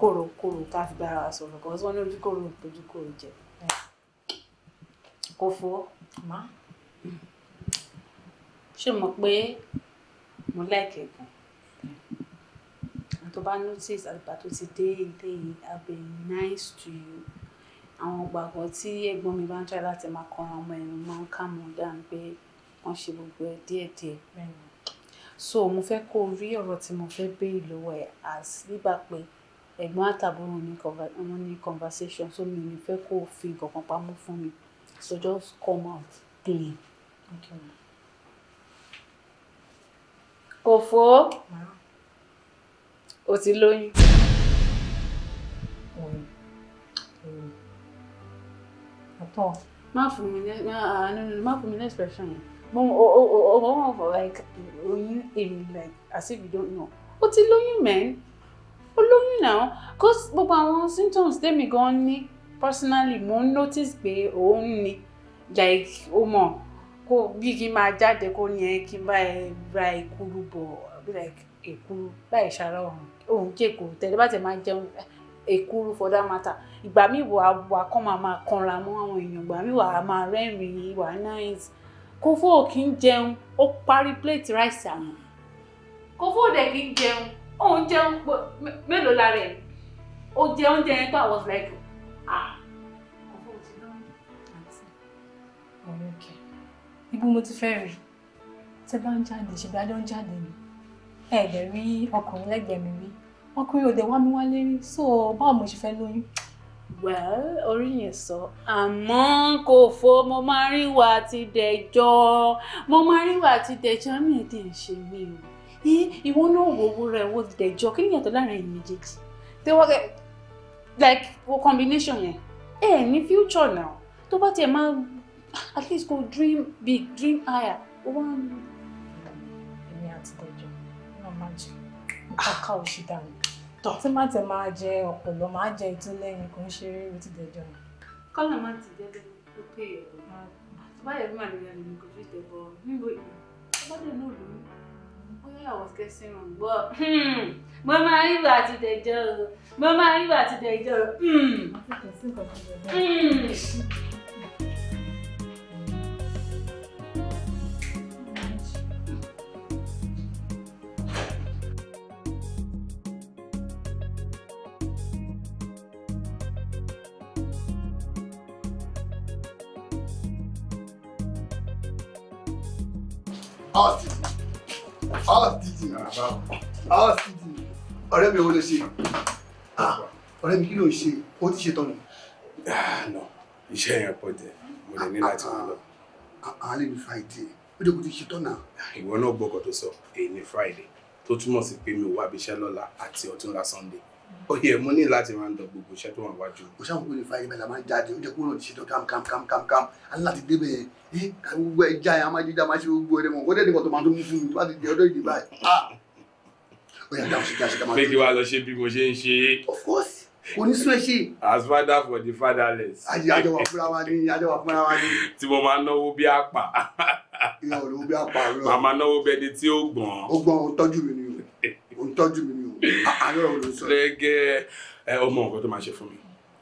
kòròkòrò ká fi gbára wa sọ̀rọ̀ kọ́ sọ́ni ojú kòrò ojú kòrò jẹ kò fọ́ ṣé mo pé mo láìkẹ́ gan tó bá notice àgbà tó ti dé ilé yìí I've been nice to you àwọn ọgbà tí ẹ̀gbọ́n mi bá ń tọ́ láti máa kọrin ọmọ ẹ̀rín máa ń kà mọ́ dáa pé wọ́n ṣe gbogbo ẹ̀ díẹ̀díẹ̀ so mo fẹ́ kó o rí ọ̀rọ̀ tí mo fẹ́ béèrè lọ́wọ́ ẹ̀ as nígbà pé ẹ̀gbọ́n àtàbúrò wọn ní conversation so mi ò ní fẹ́ kó o fi nǹkan pamọ́ fún mi so just come out clean. Okay. Òfò o ti lóyún. Má fún mi ní ah, má fún mi ní expression yẹn mom oh oh oh oh mom for like oyún èmi like as if you don't know o ti lóyún mẹ́n o lóyún náà cause gbogbo àwọn symptoms tèmi gan ní personally mo ń notice pé òun ni like o mọ̀ kó bí kí n máa jáde kó ní ẹ kí n bá ẹ ra ìkúrú bọ̀ like èkúrú láì ṣara òun òun jèkó tẹ̀lé bá tẹ̀ máa jẹun èkúrú eh, for that matter ìgbà mi wà á kọ́ máa máa kanra mọ́ àwọn èèyàn ìgbà míì wà á máa rẹ́rìn-ín wà náà kófó ò kí ń jẹun ó parí plate rice àná kófó ò dẹ̀ kí ń jẹun òun jẹun mélòó lára ẹ̀ ó jẹ oúnjẹ yẹn tó I was like ah kófó ò ti lóyún àti ọ̀rẹ́ kẹ ibo mo ti fẹ́ rí tẹ bá ń jáde ṣe bá ń jáde ni ẹ dẹ̀ rí ọkùnrin lẹ́gbẹ̀ẹ́ mi rí ọkùnrin ò dẹ̀ wá mi wá lérí so báwo mo ṣe fẹ́ lóyún well orí yẹn sọ àmọ́ kò fo mo máa rí wa ti dẹjọ́ mo máa rí wa ti dẹjọ́ mi ò dé ṣe mí o ìwọ náà wo owó rẹ wo dẹjọ́ kí ni yàtọ̀ láàrin ẹ̀yìn méjèèjì tí wọ́n like wo combination yẹn ẹ ní future now tó bá tiẹ̀ máa at least go dream big dream higher ó wá ń. èmi àti dẹjọ́ náà máa jẹ ọkà òṣì dànù tí má tẹ̀ máa jẹ ọ̀pọ̀lọ́ máa jẹ ètò lẹ́yìn kò ń ṣe eré ti dẹjọ́ mi. kọ́lá má ti jẹ́ lẹ́nu tó pé ẹ̀rọ báyọ̀ bí màlúwẹ̀ ni kò fi tẹ̀ bọ̀ níbo ìlú ọgbọ́dọ̀ náà lò ó bóyá àwọn kẹsìn ràn gbọ́ mo máa ń yíwà àti dẹjọ́ o mo máa ń yíwà àti dẹjọ́ o. Hmm. house titi house titi house titi ọ̀rẹ́ mi wo ló ṣe ọ̀rẹ́ mi kí ló ń ṣe o ti ṣe tán ni. no iṣẹ́ yẹn pọ̀ jẹ́ mo lè ní láti máa lọ. àlẹ́ mi friday ó dé kó ti ṣe tán náà. ìwọ náà gbọ́kọ̀ tó sọ èyí ni friday tó túmọ̀ sí pé mi ò wá ibiṣẹ́ lọ́la àti ọ̀túnla sunday ó yẹ mo ní láti máa ń dọ gbogbo iṣẹ́ tó wà wájú. kò sáwọn kò ní fa ìbẹ̀lẹ̀ máa ń jáde ó jẹ́ kó lòdì sí tó kam kam kam kam kam aláti débẹ̀ ẹ ká gbogbo ẹ já a máa jíjà máa ṣe gbogbo ẹ mọ̀ ó dẹ̀ tó máa tó mú fún mi tó ti jẹ́ ọdọ́ ìdí báyìí. ó yà dáhùn sí kí a ṣe ká máa tó. pé kí wàá lọ ṣe bí mo ṣe ń ṣe. of course onísùn ẹ ṣe. as father for the fatherless. àjẹ àjọ fúnra wa ní àjọ fúnra wa ní. tí mo máa náwó bí apà. ìyá ò náwó bí apà. màmá náwó bẹ́ẹ̀ ni tí ó gbọ̀n. ó gbọ̀n ó tọ́jú mi ni ó tọ́jú mi àárọ̀ wo ló sọ. lẹ́gẹ́ ẹ ọmọ nǹkan tó máa ṣe mi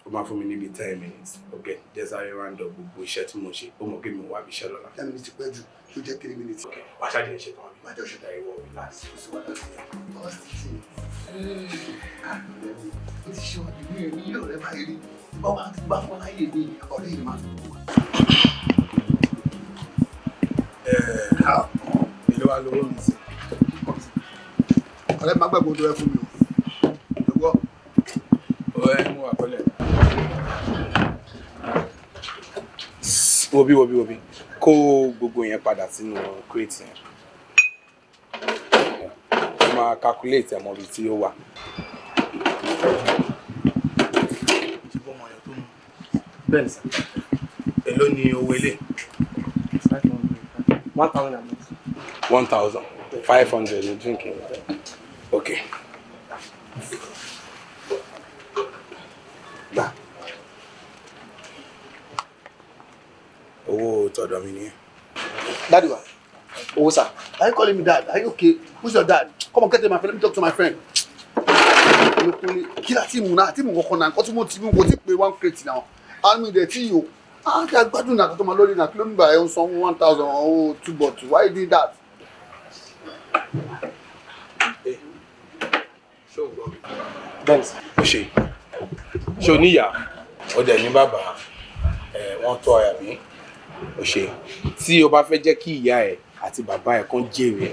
ó máa fún mi níbi ten minutes ok jẹ́ sáré round up gbogbo iṣẹ́ tí mo ṣe ó mọ̀ pé mi ò wá ibi iṣẹ́ lọ́la. minutes ti pẹ́ jù ló jẹ́ minutes. ok wàá ṣáà jẹ́ ṣe tán àbí. májọ ṣe tàyẹ̀wò ọ̀bí láti ṣe sí wàhálà sí i. ó ti ṣe ọ̀dùn mi ò ní ilé ọ̀rẹ́ báyìí rí bá wà á gbà fún láyè ní ọ̀rẹ́ yìí máa ń lò wá. ẹ ẹ ìlú wa lówó mi sí ọ̀rẹ́ má gbàgbọ́ odò ẹ fún mi o ìwọ. ọ̀rẹ́ mú wa pẹ́lẹ̀. wobi wobi wobi kó gbogbo yẹn padà sínú kírètì yẹn ó máa calculate ẹ̀mọ́ ibi tí ó wà. bẹ́ẹ̀ sà èló ni owó ilé. one thousand. one thousand five hundred ní drinking okay. Gbà. Owó tọ̀dọ̀ mi nìyẹn. Daddy wa, owó sá, are you calling me dad? Are you okay? Who's your dad? Come on, get my friend. Let me talk to my friend. Olókùnrin, kí la ti mú náà, àti mú kọ̀ọ̀kan náà, kọ́tí mo ti mú, mo ti pè one crate náà. Àmì ìdẹ̀ tí yòó. Ah, kí a gbádùn náà kó tó máa lórí náà, kí ló ń gbà ẹ̀ ń san one thousand owó oh, two bottles. Why you doing that? bẹ́ẹ̀ni sà. ó ṣe ṣe o níyà ó dẹ̀ ní bàbá ẹ wọ́n tọ́ ẹ àbí ó ṣe tí o bá fẹ́ jẹ́ kí ìyá ẹ àti bàbá ẹ kan jèrè ẹ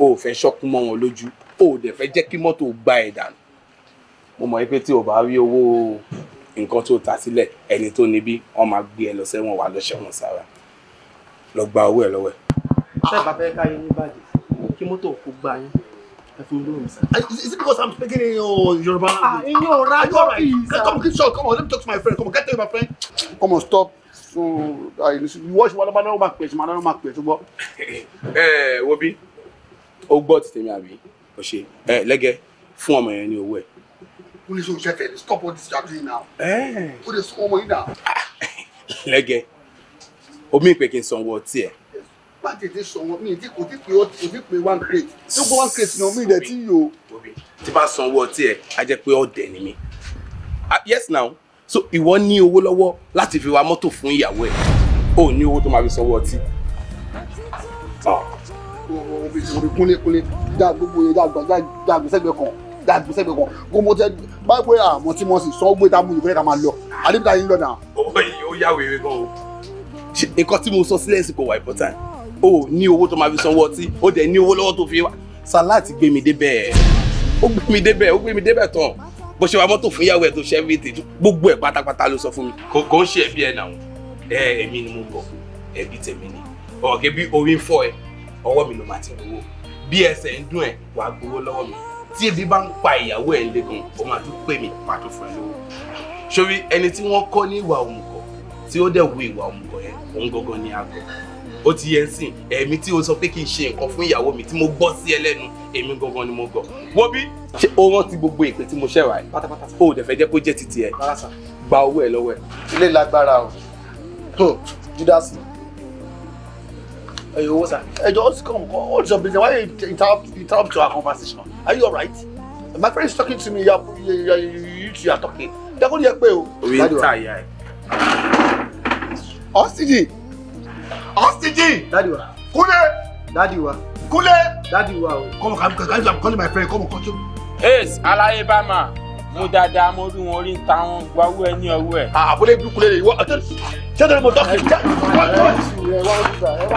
o ò fẹ́ ṣọ́kún mọ́ wọn lójú o ò dẹ̀ fẹ́ jẹ́ kí mọ́tò gba ẹ̀ dànù mo mọ̀ pé tí o bá rí owó nǹkan tó ta sílẹ̀ ẹni tó níbí wọ́n máa gbé ẹ lọ sẹ́wọ̀n wà lọ́sẹ̀wọ̀n sára lọ gba owó ẹ lọ́wọ́ ẹ. ṣé bàbá ẹ káyé ní bàjẹ́ kí mọ́tò kò gbà yín Is it because I'm speaking in your Yoruba language? Ah, in your Rajo, right? please. Come on, keep short. Come on, let me talk to my friend. Come on, get to my friend. Come on, stop. So, I listen. You watch what about no back page, man. No back page. What? Eh, Wobi. Oh God, tell me, àbí? O ṣe. Eh, lẹ́gẹ̀ fún ọmọ yẹn ní owó ẹ̀. O ní sọ stop all this jabbering now. Eh. O lè sọ ọmọ yìí náà. Lẹ́gẹ̀, omi ìpè kí n sanwó bá tètè sọ wọn mi tí kò tí pé kò tí pé one crate gbogbo one crate náà mi ìdẹ̀ tí yòó. tí bá san owó ọtí ẹ á jẹ pé ọdẹ ni mi yes now so ìwọ ní owó lọ́wọ́ láti fi wa mọ́tò fún ìyàwó ẹ o ní owó tó máa fi sanwó ọtí. òbí ah. kúnlẹ̀kúnlẹ̀ dá gbogbo yẹn dá gbèsègbè kan dá gbèsègbè kan gbogbo tẹ báyìí pé àmọ́ tí wọ́n sì sọ gbé tá a mú ìfẹ́ ká máa lọ àdébítà yìí ń lọ náà. ó yà wèrè gan o. nǹkan tí mo sọ sílẹ̀ sí kò wà important o ní owó tó máa fi sanwó ọtí ó dẹ̀ ní owó lọ́wọ́ tó fi wá sàláàtì gbé mi débẹ̀ ó gbé mi débẹ̀ ó gbé mi débẹ̀ tán bó ṣe wa mọ́tò fún ìyàwó ẹ̀ tó ṣe everything gbogbo ẹ̀ pátápátá ló sọ fún mi. kò kò ń ṣe ẹbí ẹ náà ẹ ẹmí ni mo bọ ẹbí tèmi ni ọ̀gẹ́ bí orí ń fọ́ ẹ ọwọ́ mi ló máa ti gbowó bí ẹsẹ̀ ń dún ẹ wàá gbowó lọ́wọ́ mi tí ebi bá ń pa ìyàwó ẹ̀ lẹ́gàn ó máa tún pè mí pàtó fún ẹ lówó sórí ẹni tí wọ́n kọ́ ní ìwà òmùgọ̀ tí ó dẹ̀ wo ìwà òmùgọ̀ yẹn òun gangan ni àgọ́ ó ti yẹ ń sìn ẹ̀mí tí o sọ pé kí n ṣe nǹkan fún ìyàwó mi tí mo gbọ́ sí ẹlẹ́nu èmi gangan ni mo gbọ́ wo bí ṣé o rántí gbogbo ìpè tí mo ṣẹ̀wá ẹ̀ o ò dẹ̀ fẹ́ jẹ́ kó jẹ́ titi ẹ̀ gba owó ẹ̀ lọ́wọ́ ẹ̀. ilé lágbára o hmm. Judas ẹyọ owó sá ẹjọ ó sì kàn kọ ó jọ bìnnìkan why you interrupt interrupt our conversation are you alright my friend is talking to me you are you two are talking dẹ́kun yẹ pé o. orí ń ta ìyá ẹ̀. ọ́sídìí oxygen. Daddy, wa. Kule. Daddy, wa. Kule. Daddy, wa o. kọ́mọ kàbí I'm calling my friend Come on, kọ́mọ kọ́tún. ace aláyé bá máa mo dáadáa mo rí wọn orí ta wọn gba owó ẹ ní ọwọ́ ẹ. àbúlé ah, ibùkún lè wọ ọjọ́ jẹjẹrẹ mo dọkì.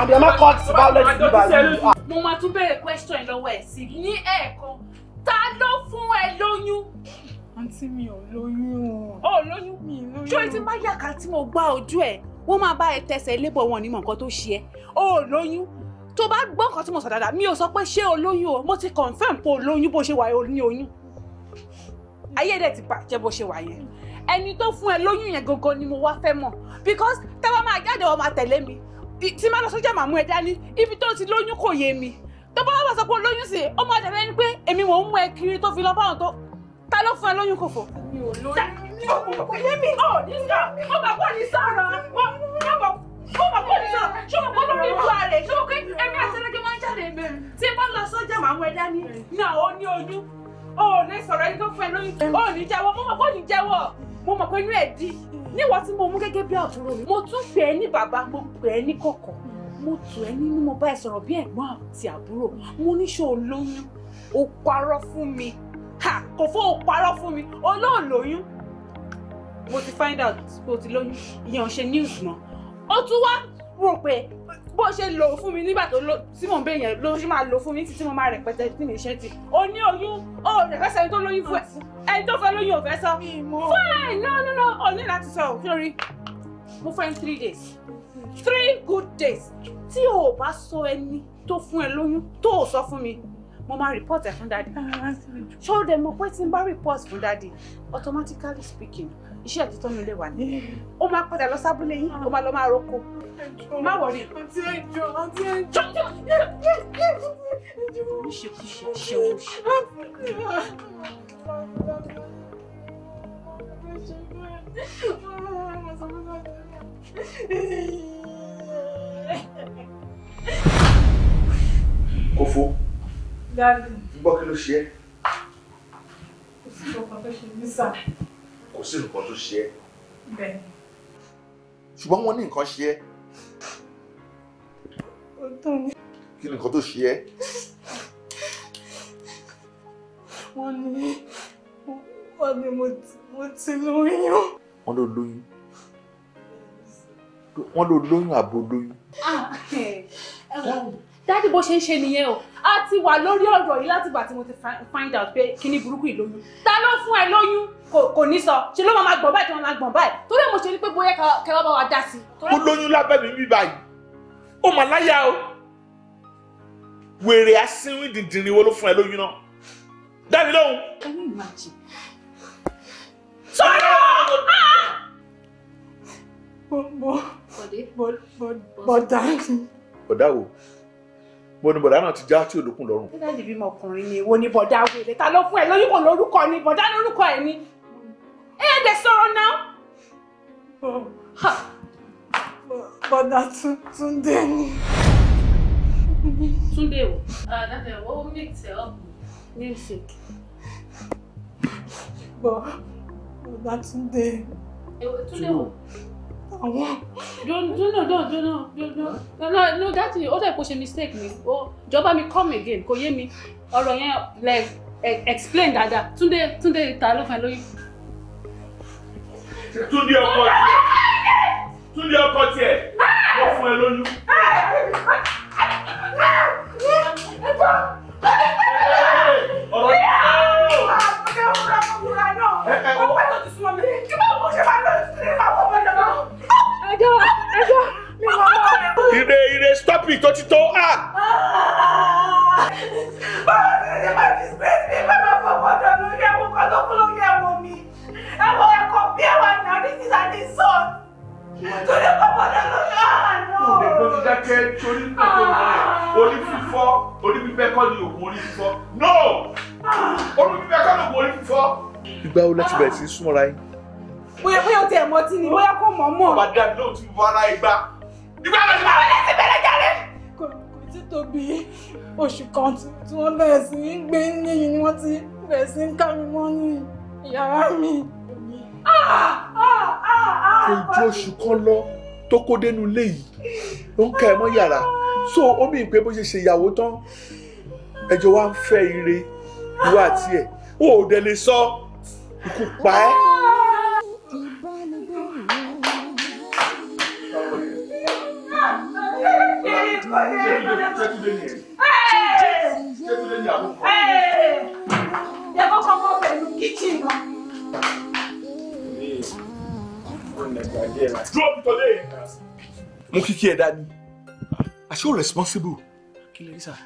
ẹ má kọ́ ti bá ọlẹ́jì ní báyìí. mo máa tún béèrè question lọ́wọ́ ẹ̀ sí i ní ẹ̀ẹ̀kan ta ló fún ẹ lóyún. àǹtí mi ò lóyún o. ó lóyún mi lóyún. jọ́ ẹ ti má yàgà tí mo gbá ojú ẹ̀ wọ́n máa bá ẹ tẹsẹ̀ lébọ̀ wọn nímọ̀ nǹkan tó ṣe ẹ́ o ò lóyún tó bá gbọ́ nǹkan tí mo sọ dáadáa mi ò sọ pé ṣé o lóyún o mo ti confirm pé o lóyún bó ṣe wà yẹn o ní oyún ayé dẹ̀ ti bàjẹ́ bó ṣe wà yẹn ẹni tó fún ẹ lóyún yẹn gangan ni mo wá fẹ́ mọ̀ because tẹ́wọ́ máa jáde wọ́n máa tẹ̀lé mi tí má lọ sọ́jà màmú ẹ dání ibi tó ti lóyún kò yé mi tó bá wà sọ pé olóyún sí ó máa dàbí ẹni pé èmi mò ń mú ẹ kiri tó fi lọ báwọn tó ta ló fún ẹ lóyún kò mi ò lóyún kò yé mi ọ̀ nígbà mo bà kọ́ ní sára mo bà kọ́ ní sára ṣé mo kọ́ lórí ìlú ààrẹ ṣé mo pé ẹ̀mí àtẹ́lẹ́gẹ́ máa ń jáde mẹ́rin tí bá lọ sọ́jà máa mú ẹ dání náà ó ní ojú ó ní sọ̀rọ̀ ẹni tó fẹ́ lóyún ó ní jẹ́wọ́ mo mọ̀ kó ní jẹ́wọ́ mo mọ̀ pé inú ẹ̀ di níwọ̀ tí mo mú gẹ́gẹ́ bí àbúrò mi mo tún fẹ́ ní bàbá mo pẹ́ ní kọ̀kọ̀ mo tù ẹ́ nínú mo bá ẹ sọ̀rọ̀ bí ẹ̀gbọ́n àti àbúrò mo níṣó lóyún ó parọ́ fún mi kò fó parọ́ fún mi olóòlóyún mo ti find out pé o ti lóyún ìyẹn ò ṣe news mọ́ ó tún wá rò pé bó ṣe lò ó fún mi nígbà tó lò tí mò ń bẹ yẹn ló ṣe máa lò fún mi títí mo máa rẹpẹtẹ tí mi ṣe ti o ní oyún o rẹ fẹ́ sẹ́ni tó lóyún fún ẹ ẹni tó fẹ́ lóyún ò fẹ́ sọ fine no no no o ní láti sọ Sorry. mo fẹ́ three days three good days tí o bá sọ ẹni tó fún ẹ lóyún tó o sọ fún mi mo máa report ẹ fún dadi ah, ṣó o dẹ̀ mọ̀ tí n bá report fún dadi automatically speaking iṣẹ́ ìtútọ́ ní ilé wa ni ó máa padà lọ sábúlé yín ó máa lọ máa roko má wọrí. àti ẹjọ àti ẹjọ. ìṣekúṣe ṣeun ṣe. Kófó. Dáàbì. Gbọ́ kí ló ṣe é? Kò sí ìjọba fẹ́ ṣe mí sáà kò sí nǹkan tó ṣe ẹ́. bẹ́ẹ̀ ṣùgbọ́n wọ́n ní nǹkan ṣe ẹ́. kí ni nǹkan tó ṣe ẹ́. wọ́n ní wọ́n ní mo ti lóyún. wọ́n ló lóyún wọ́n ló lóyún àbò lóyún. Ah, dájú bó ṣe ń ṣe nìyẹn o a ti wà lórí ọ̀rọ̀ yìí láti gbà tí mo ti find out pé kíní burúkú yìí lóyún ta ló fún ẹ lóyún kò ní sọ ṣe ló máa gbọ̀n báyìí tó máa gbọ̀n báyìí torí mo ṣe ní pé bóyá kẹwàá bá wa dá sí. ó lóyún lábẹ́ mi bí báyìí ó mà láyà o wèrè asínwín dìndìnrín wo ló fún ẹ lóyún náà dáni lóhùn. can you imagine. sọ́yọ́ bọ̀ bọ̀ bọ̀ mo ní bọ̀dá náà ti já tí olùkùn lọ́rùn. dídájì bímọ ọkùnrin ni wo ni bọ̀dá wèrè ta ló fún ẹ lóyún kò lórúkọ ni bọ̀dá lórúkọ ẹ ni ẹ ẹ dẹ sọ̀rọ̀ náà. bọ̀dá Túndé ni. Túndé o ah, dàbẹ̀ o mix ẹ̀ up music. bọ̀dá Túndé. Túndé o àwọn. don't don't no don't don't no don't no no no that ó dẹ̀ kó ṣe mistake mi ó jọba mi come again kò yé mi ọ̀rọ̀ yẹn like explain dáadáa Túndé Túndé ta ló fẹ́ lóyún. Túndé ọkọ tiẹ̀ Túndé ọkọ tiẹ̀ ló fún ẹ lóyún. ọ̀rọ̀ yẹn. ẹ ẹ wọ́n. ọ̀pẹ́ tó ti sún mọ́ mi kí wọ́n mú ṣe máa lọ sí ìlú àwọn ọmọ ìjọba ẹjọ́ ẹjọ́ mi mọ̀ ọ́. ire ire stop it tó ti tó a. Ah! báwo ni ṣe máa fi space mi bá máa fọ bọ́dọ̀ lórí ẹ̀wọ̀n kan tó kú lórí ẹ̀wọ̀n mi ẹ̀wọ̀n ẹ̀kọ́ bí ẹ̀wọ̀n náà ní sísá ní sọ́ọ̀n tó lè fọ bọ́dọ̀ lórí àná. òde tó ti dákẹ́ torí pẹ̀lú rẹ̀ orí fífọ́ orí bíbẹ́ kọ́ ni oògùn orí fífọ́ no orí bíbẹ́ kọ́ ni oògùn orí fífọ́. ìgbà wo lẹ ti bẹ̀rẹ̀ sí súnmọ́ra yín bóyá bóyá o ti ẹ̀ mọtí ni bóyá kò mọ̀ mọ̀. bàbá dáa lóò tún bọ ara ìgbà ìgbà lọ sí bàbá lẹ́sìn bẹ̀rẹ̀ jáde. kò kò tí tó oṣù kan tí wọ́n bẹ̀rẹ̀ sí í gbé níyì ni wọ́n ti bẹ̀rẹ̀ sí í ká mi mọ́ ní yàrá mi. Ah, ah, ah, kò ju oṣù kan lọ tó kó dénú ilé yìí ló ń kẹ́ ẹ mọ́ yàrá so omi ìpè bó ṣe ṣe ìyàwó tán ẹjọ wa ń fẹ́ ire ìwà àti ẹ̀ o ò dẹ̀ lè sọ ikú pa ẹ́. bẹ́ẹ̀ yẹn. ṣé tó lè ní àbúkọ. ẹ kọ́kọ́ mọ pẹ̀lú kíchìn lọ. mo kíkí ẹ dání àṣé o responsible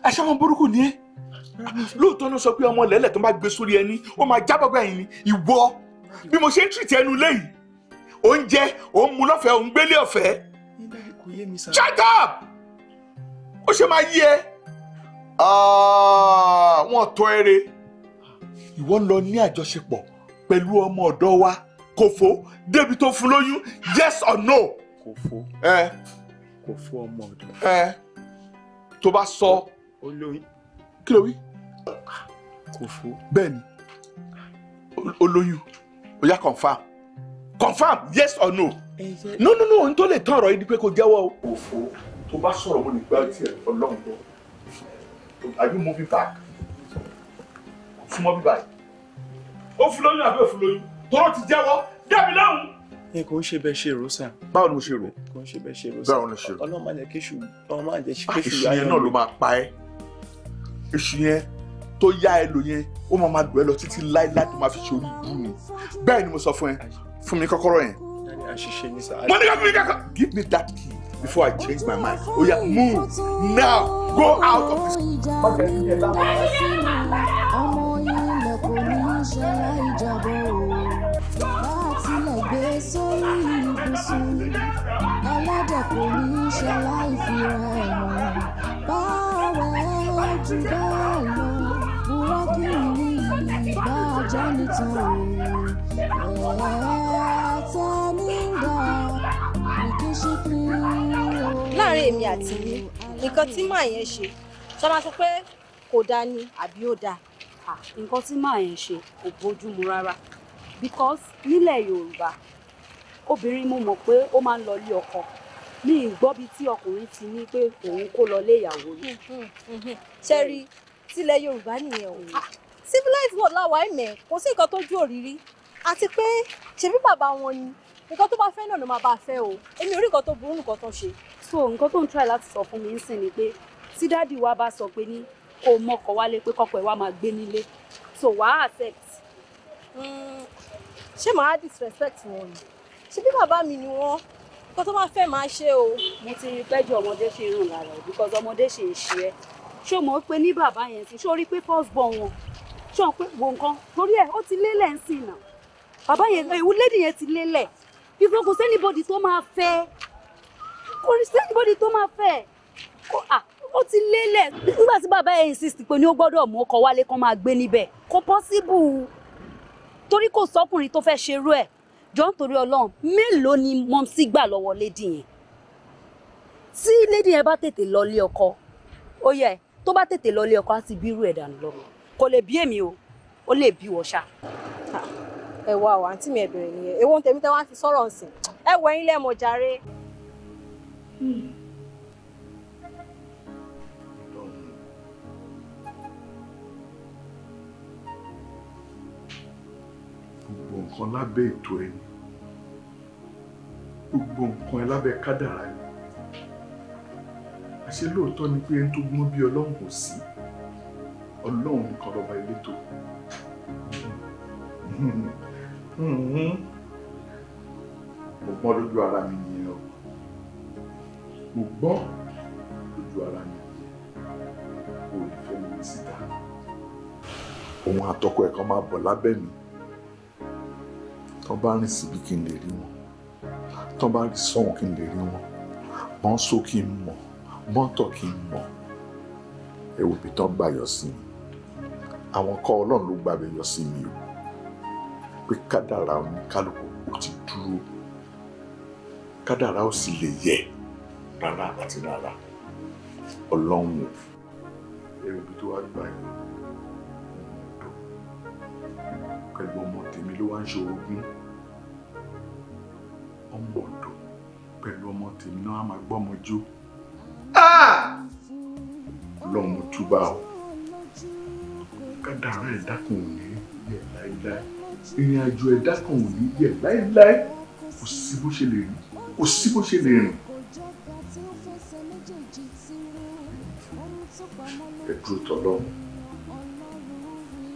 àṣé ọmọ burúkú ni ẹ lóòótọ́ ló sọ pé ọmọ lẹ́lẹ̀ tó máa gbé sórí ẹni ó máa jábọ̀ báyìí ni ìwọ bí mo ṣe ń tìrìtì ẹnu lẹ́yìn oúnjẹ òun mu lọ́fẹ̀ẹ́ òun gbélé ọ̀fẹ́. shut up ó ṣe máa yí ẹ ah, wọn tọ ẹrẹ ìwọ lọ ní àjọṣepọ̀ pẹ̀lú ọmọ ọ̀dọ̀ wa kòfó débi tó fún lóyún yes or no. kòfó ẹ kòfó ọmọ ọ̀dọ̀. ẹ tó bá sọ olóyún kí ló wí. kòfó bẹ́ẹ̀ ni olóyún ó yá confam confam yes or no. no no no n tó lè tán ọ̀rọ̀ yìí ni pé kò jẹ́wọ́ o. kòfó tó bá sọ̀rọ̀ mo lè gbá tiẹ̀ ọlọ́run lọ are you moving back súnmọ́ bíbá yìí ó fún lóyún àbí òfin lóyún tóró ti jẹ́wọ́ dẹ́bi lẹ́hùn. ẹ kò ń ṣe bẹ́ẹ̀ ṣe rò sàn. báwo ni mo ṣe rò. kò ń ṣe bẹ́ẹ̀ ṣe rò sàn. báwo ni mo ṣe rò. ọlọ́run máa jẹ́ kéṣù ọmọ máa jẹ́ kéṣù ah, yá yẹn. èṣù yẹn náà ló máa pa ẹ́ èṣù yẹn tó yá ẹ lò yẹn ó máa máa dùn ẹ́ lọ títí láíláí tó máa fi ṣe orí ibú mi bẹ́ẹ̀ ni mo sọ fún ẹ fún mi kọ́kọ́rọ́ yẹn. mo ní give me that key before I change my mind. Oh yeah, move now. Go out of this. Aládà kò ní í ṣe láìfira ẹ̀wọ̀n. Báwo ẹ jù bẹ́ẹ̀ lọ? Búrọ́kì ní ìgbà àjọ nìtàn òun. Ẹ̀ẹ́dẹ́gbẹ̀ta nígbà ìkíṣí kiri èmi àti yín nǹkan tí màá yẹn ṣe tó máa sọ pé kò dáa ni àbí ó dáa. nǹkan tí màá yẹn ṣe kò bójúmu rárá because nílẹ̀ yorùbá obìnrin mo mọ̀ pé ó máa ń lọ ilé ọkọ ní ìgbọ́bi tí ọkùnrin ti ní pé òun kó lọ lé ìyàwó rẹ̀. tilẹ̀ yorùbá nìyẹn o ah. civilized world láwa ẹ̀mẹ̀ kò sí nǹkan tó ju òrírí àti pé ṣebí bàbá wọn ni nǹkan tó bá fẹ́ náà ló máa bá a fẹ́ o èmi ò nǹkan tó burú nǹkan tó ṣe so nǹkan tó ń try láti sọ fún mi ń sìn ni pé tí dáàdì wa bá sọ pé ní kó o mọkọ wálé pé kọkọ ẹ wá máa gbé nílé so wàá accept. Hmm, ṣé màá disrespect wọn ni ṣé bí bàbá mi ni wọn kó tó máa fẹ́ máa ṣe o. mo ti rí pẹ́jù ọmọdé ṣe ràn lára ẹ̀ because ọmọdé ṣe é ṣe ẹ́ ṣé o mọ̀ pé ní bàbá yẹn sí ṣé o rí pé first born wọn ṣé o pé wo nǹkan torí ẹ̀ ó ti lélẹ̀ ń sìn náà bàbá yẹn ewu yẹn ti lélẹ̀ ìfọkùn sẹ́nibodì tó máa fẹ́ kò rí sẹ́ńbọ́dì tó máa fẹ́ ah, à ó ti lélẹ̀ nígbà tí bàbá ẹ̀ insist pé ní ó gbọ́dọ̀ mú ọkọ̀ wálé kan máa gbé níbẹ̀ kò pọ́síbù torí kò sọ́kùnrin tó fẹ́ ṣerú ẹ̀ jọ nítorí ọlọ́run mélòó ni mọ́mísí gbà lọ́wọ́ lédi yẹn tí lédi yẹn bá tètè lọlé ọkọ ó yẹ tó bá tètè lọlé ọkọ á ti bírú ẹ̀ dànù lọ́mọ kò lè bí èmi o ó lè bí wọ ṣá. ẹ wá o àǹtí mi ẹ bẹ̀rẹ̀ nìyẹn èwo ń tẹ̀mí tẹ́ wá ti sọ̀rọ̀ ọ̀sìn ẹ wọ ẹ̀yin jàre gbogbo nǹkan lábẹ́ ètò ẹni gbogbo nǹkan ẹ lábẹ́ kádàrá ẹni àṣẹ lóòótọ́ ni pé ẹni tó gbọ́n bí ọlọ́run kò sí ọlọ́run nìkan lọ́ba elétò mo gbọ́n lójú ara mi ni mo gbọ́ ojú ara mi kò lè fẹ́ mi síta òun àtọkọ ẹ̀ kan máa bọ̀ lábẹ́ mi tán bá rìn síbi kí n lè rí wọn tán bá rìn sọ́hùn kí n lè rí wọn bọ́n só kí n mọ̀ bọ́n tọ̀ kí n mọ̀ ẹ̀wò bí tán gbà yọ sí mi àwọn kọ́ ọlọ́run ló gbàgbé yọ sí mi o pé kádàrá oníkálukú ó ti dúró kádàrá ó sì lè yẹ̀ rárá àti rárá ọlọ́run o. èrò ibi tó wá gbà yìí dùn pẹ̀lú ọmọ tèmi ló wá ń ṣe orogún ọmọ ọ̀dọ̀ pẹ̀lú ọmọ tèmi náà á máa gbọ́mọ jó ọlọ́run mo túbà o kádàrá ẹ̀dá kan ò ní yẹ̀ láéláé ìrìn àjò ẹ̀dá kan ò ní yẹ̀ láéláé kò sí bó ṣe lè rìn kò sí bó ṣe lè rìn. ẹ̀dúró tọ́lọ́run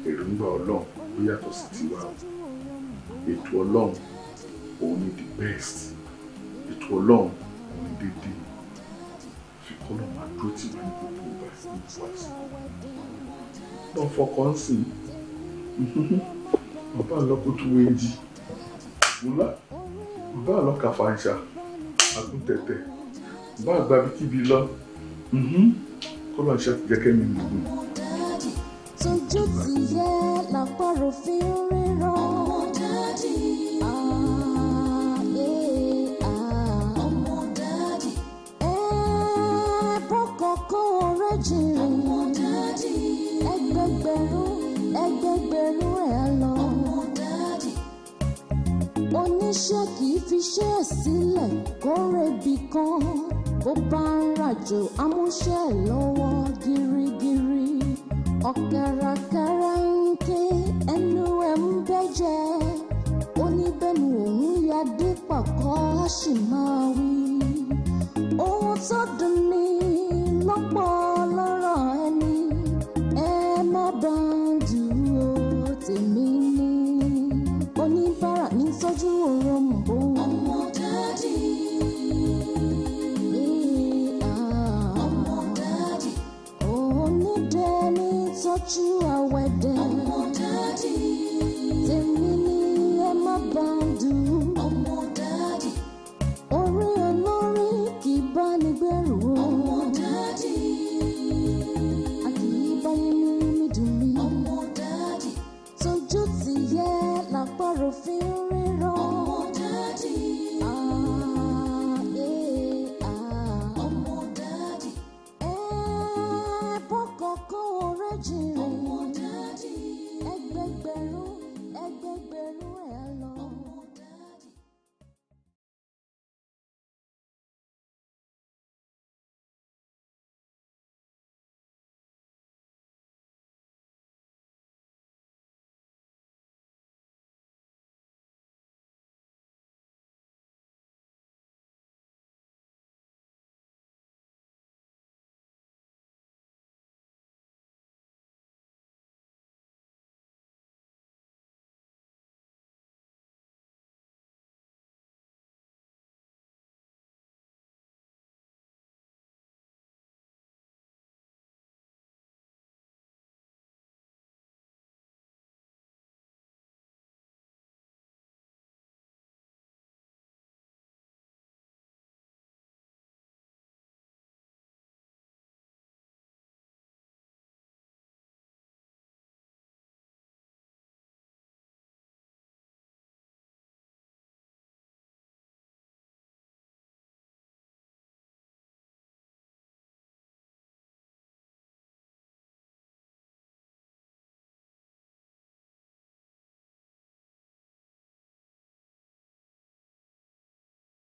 èròǹgbà ọlọ́run ó yàtọ̀ sí tiwa ètò ọlọ́run òun ni the best ètò ọlọ́run òun ni dédé fi kọ́nà máa dúró tì wá ní gbogbo ìgbà gbogbo àsìkò lọ fọkàn sí bàbá àlọ́kùtù wéjì múlá bàbá àlọ́kà fàǹṣà àgùntẹ̀tẹ̀ bàbá àgbà bíkíbi lọ kó lọ́n ṣe jẹ́ kẹ́mi mi gùn. tójú ti yẹ làpárò fi rírọ. Ẹgbẹgbẹ̀rún ẹgbẹgbẹ̀rún ẹ̀ lọ. Oníṣẹ́ kì í fi ṣẹ́ sílẹ̀ kórè bìkan bó bá ń rajò amúṣẹ́ lọ́wọ́ gírígírí ọ̀kẹ́rẹ́kẹ́rẹ́ ń ké ẹnu ẹ̀ ń bẹ́jẹ́ oníbẹ̀nu òun yá dé pàkọ́ ṣì máa.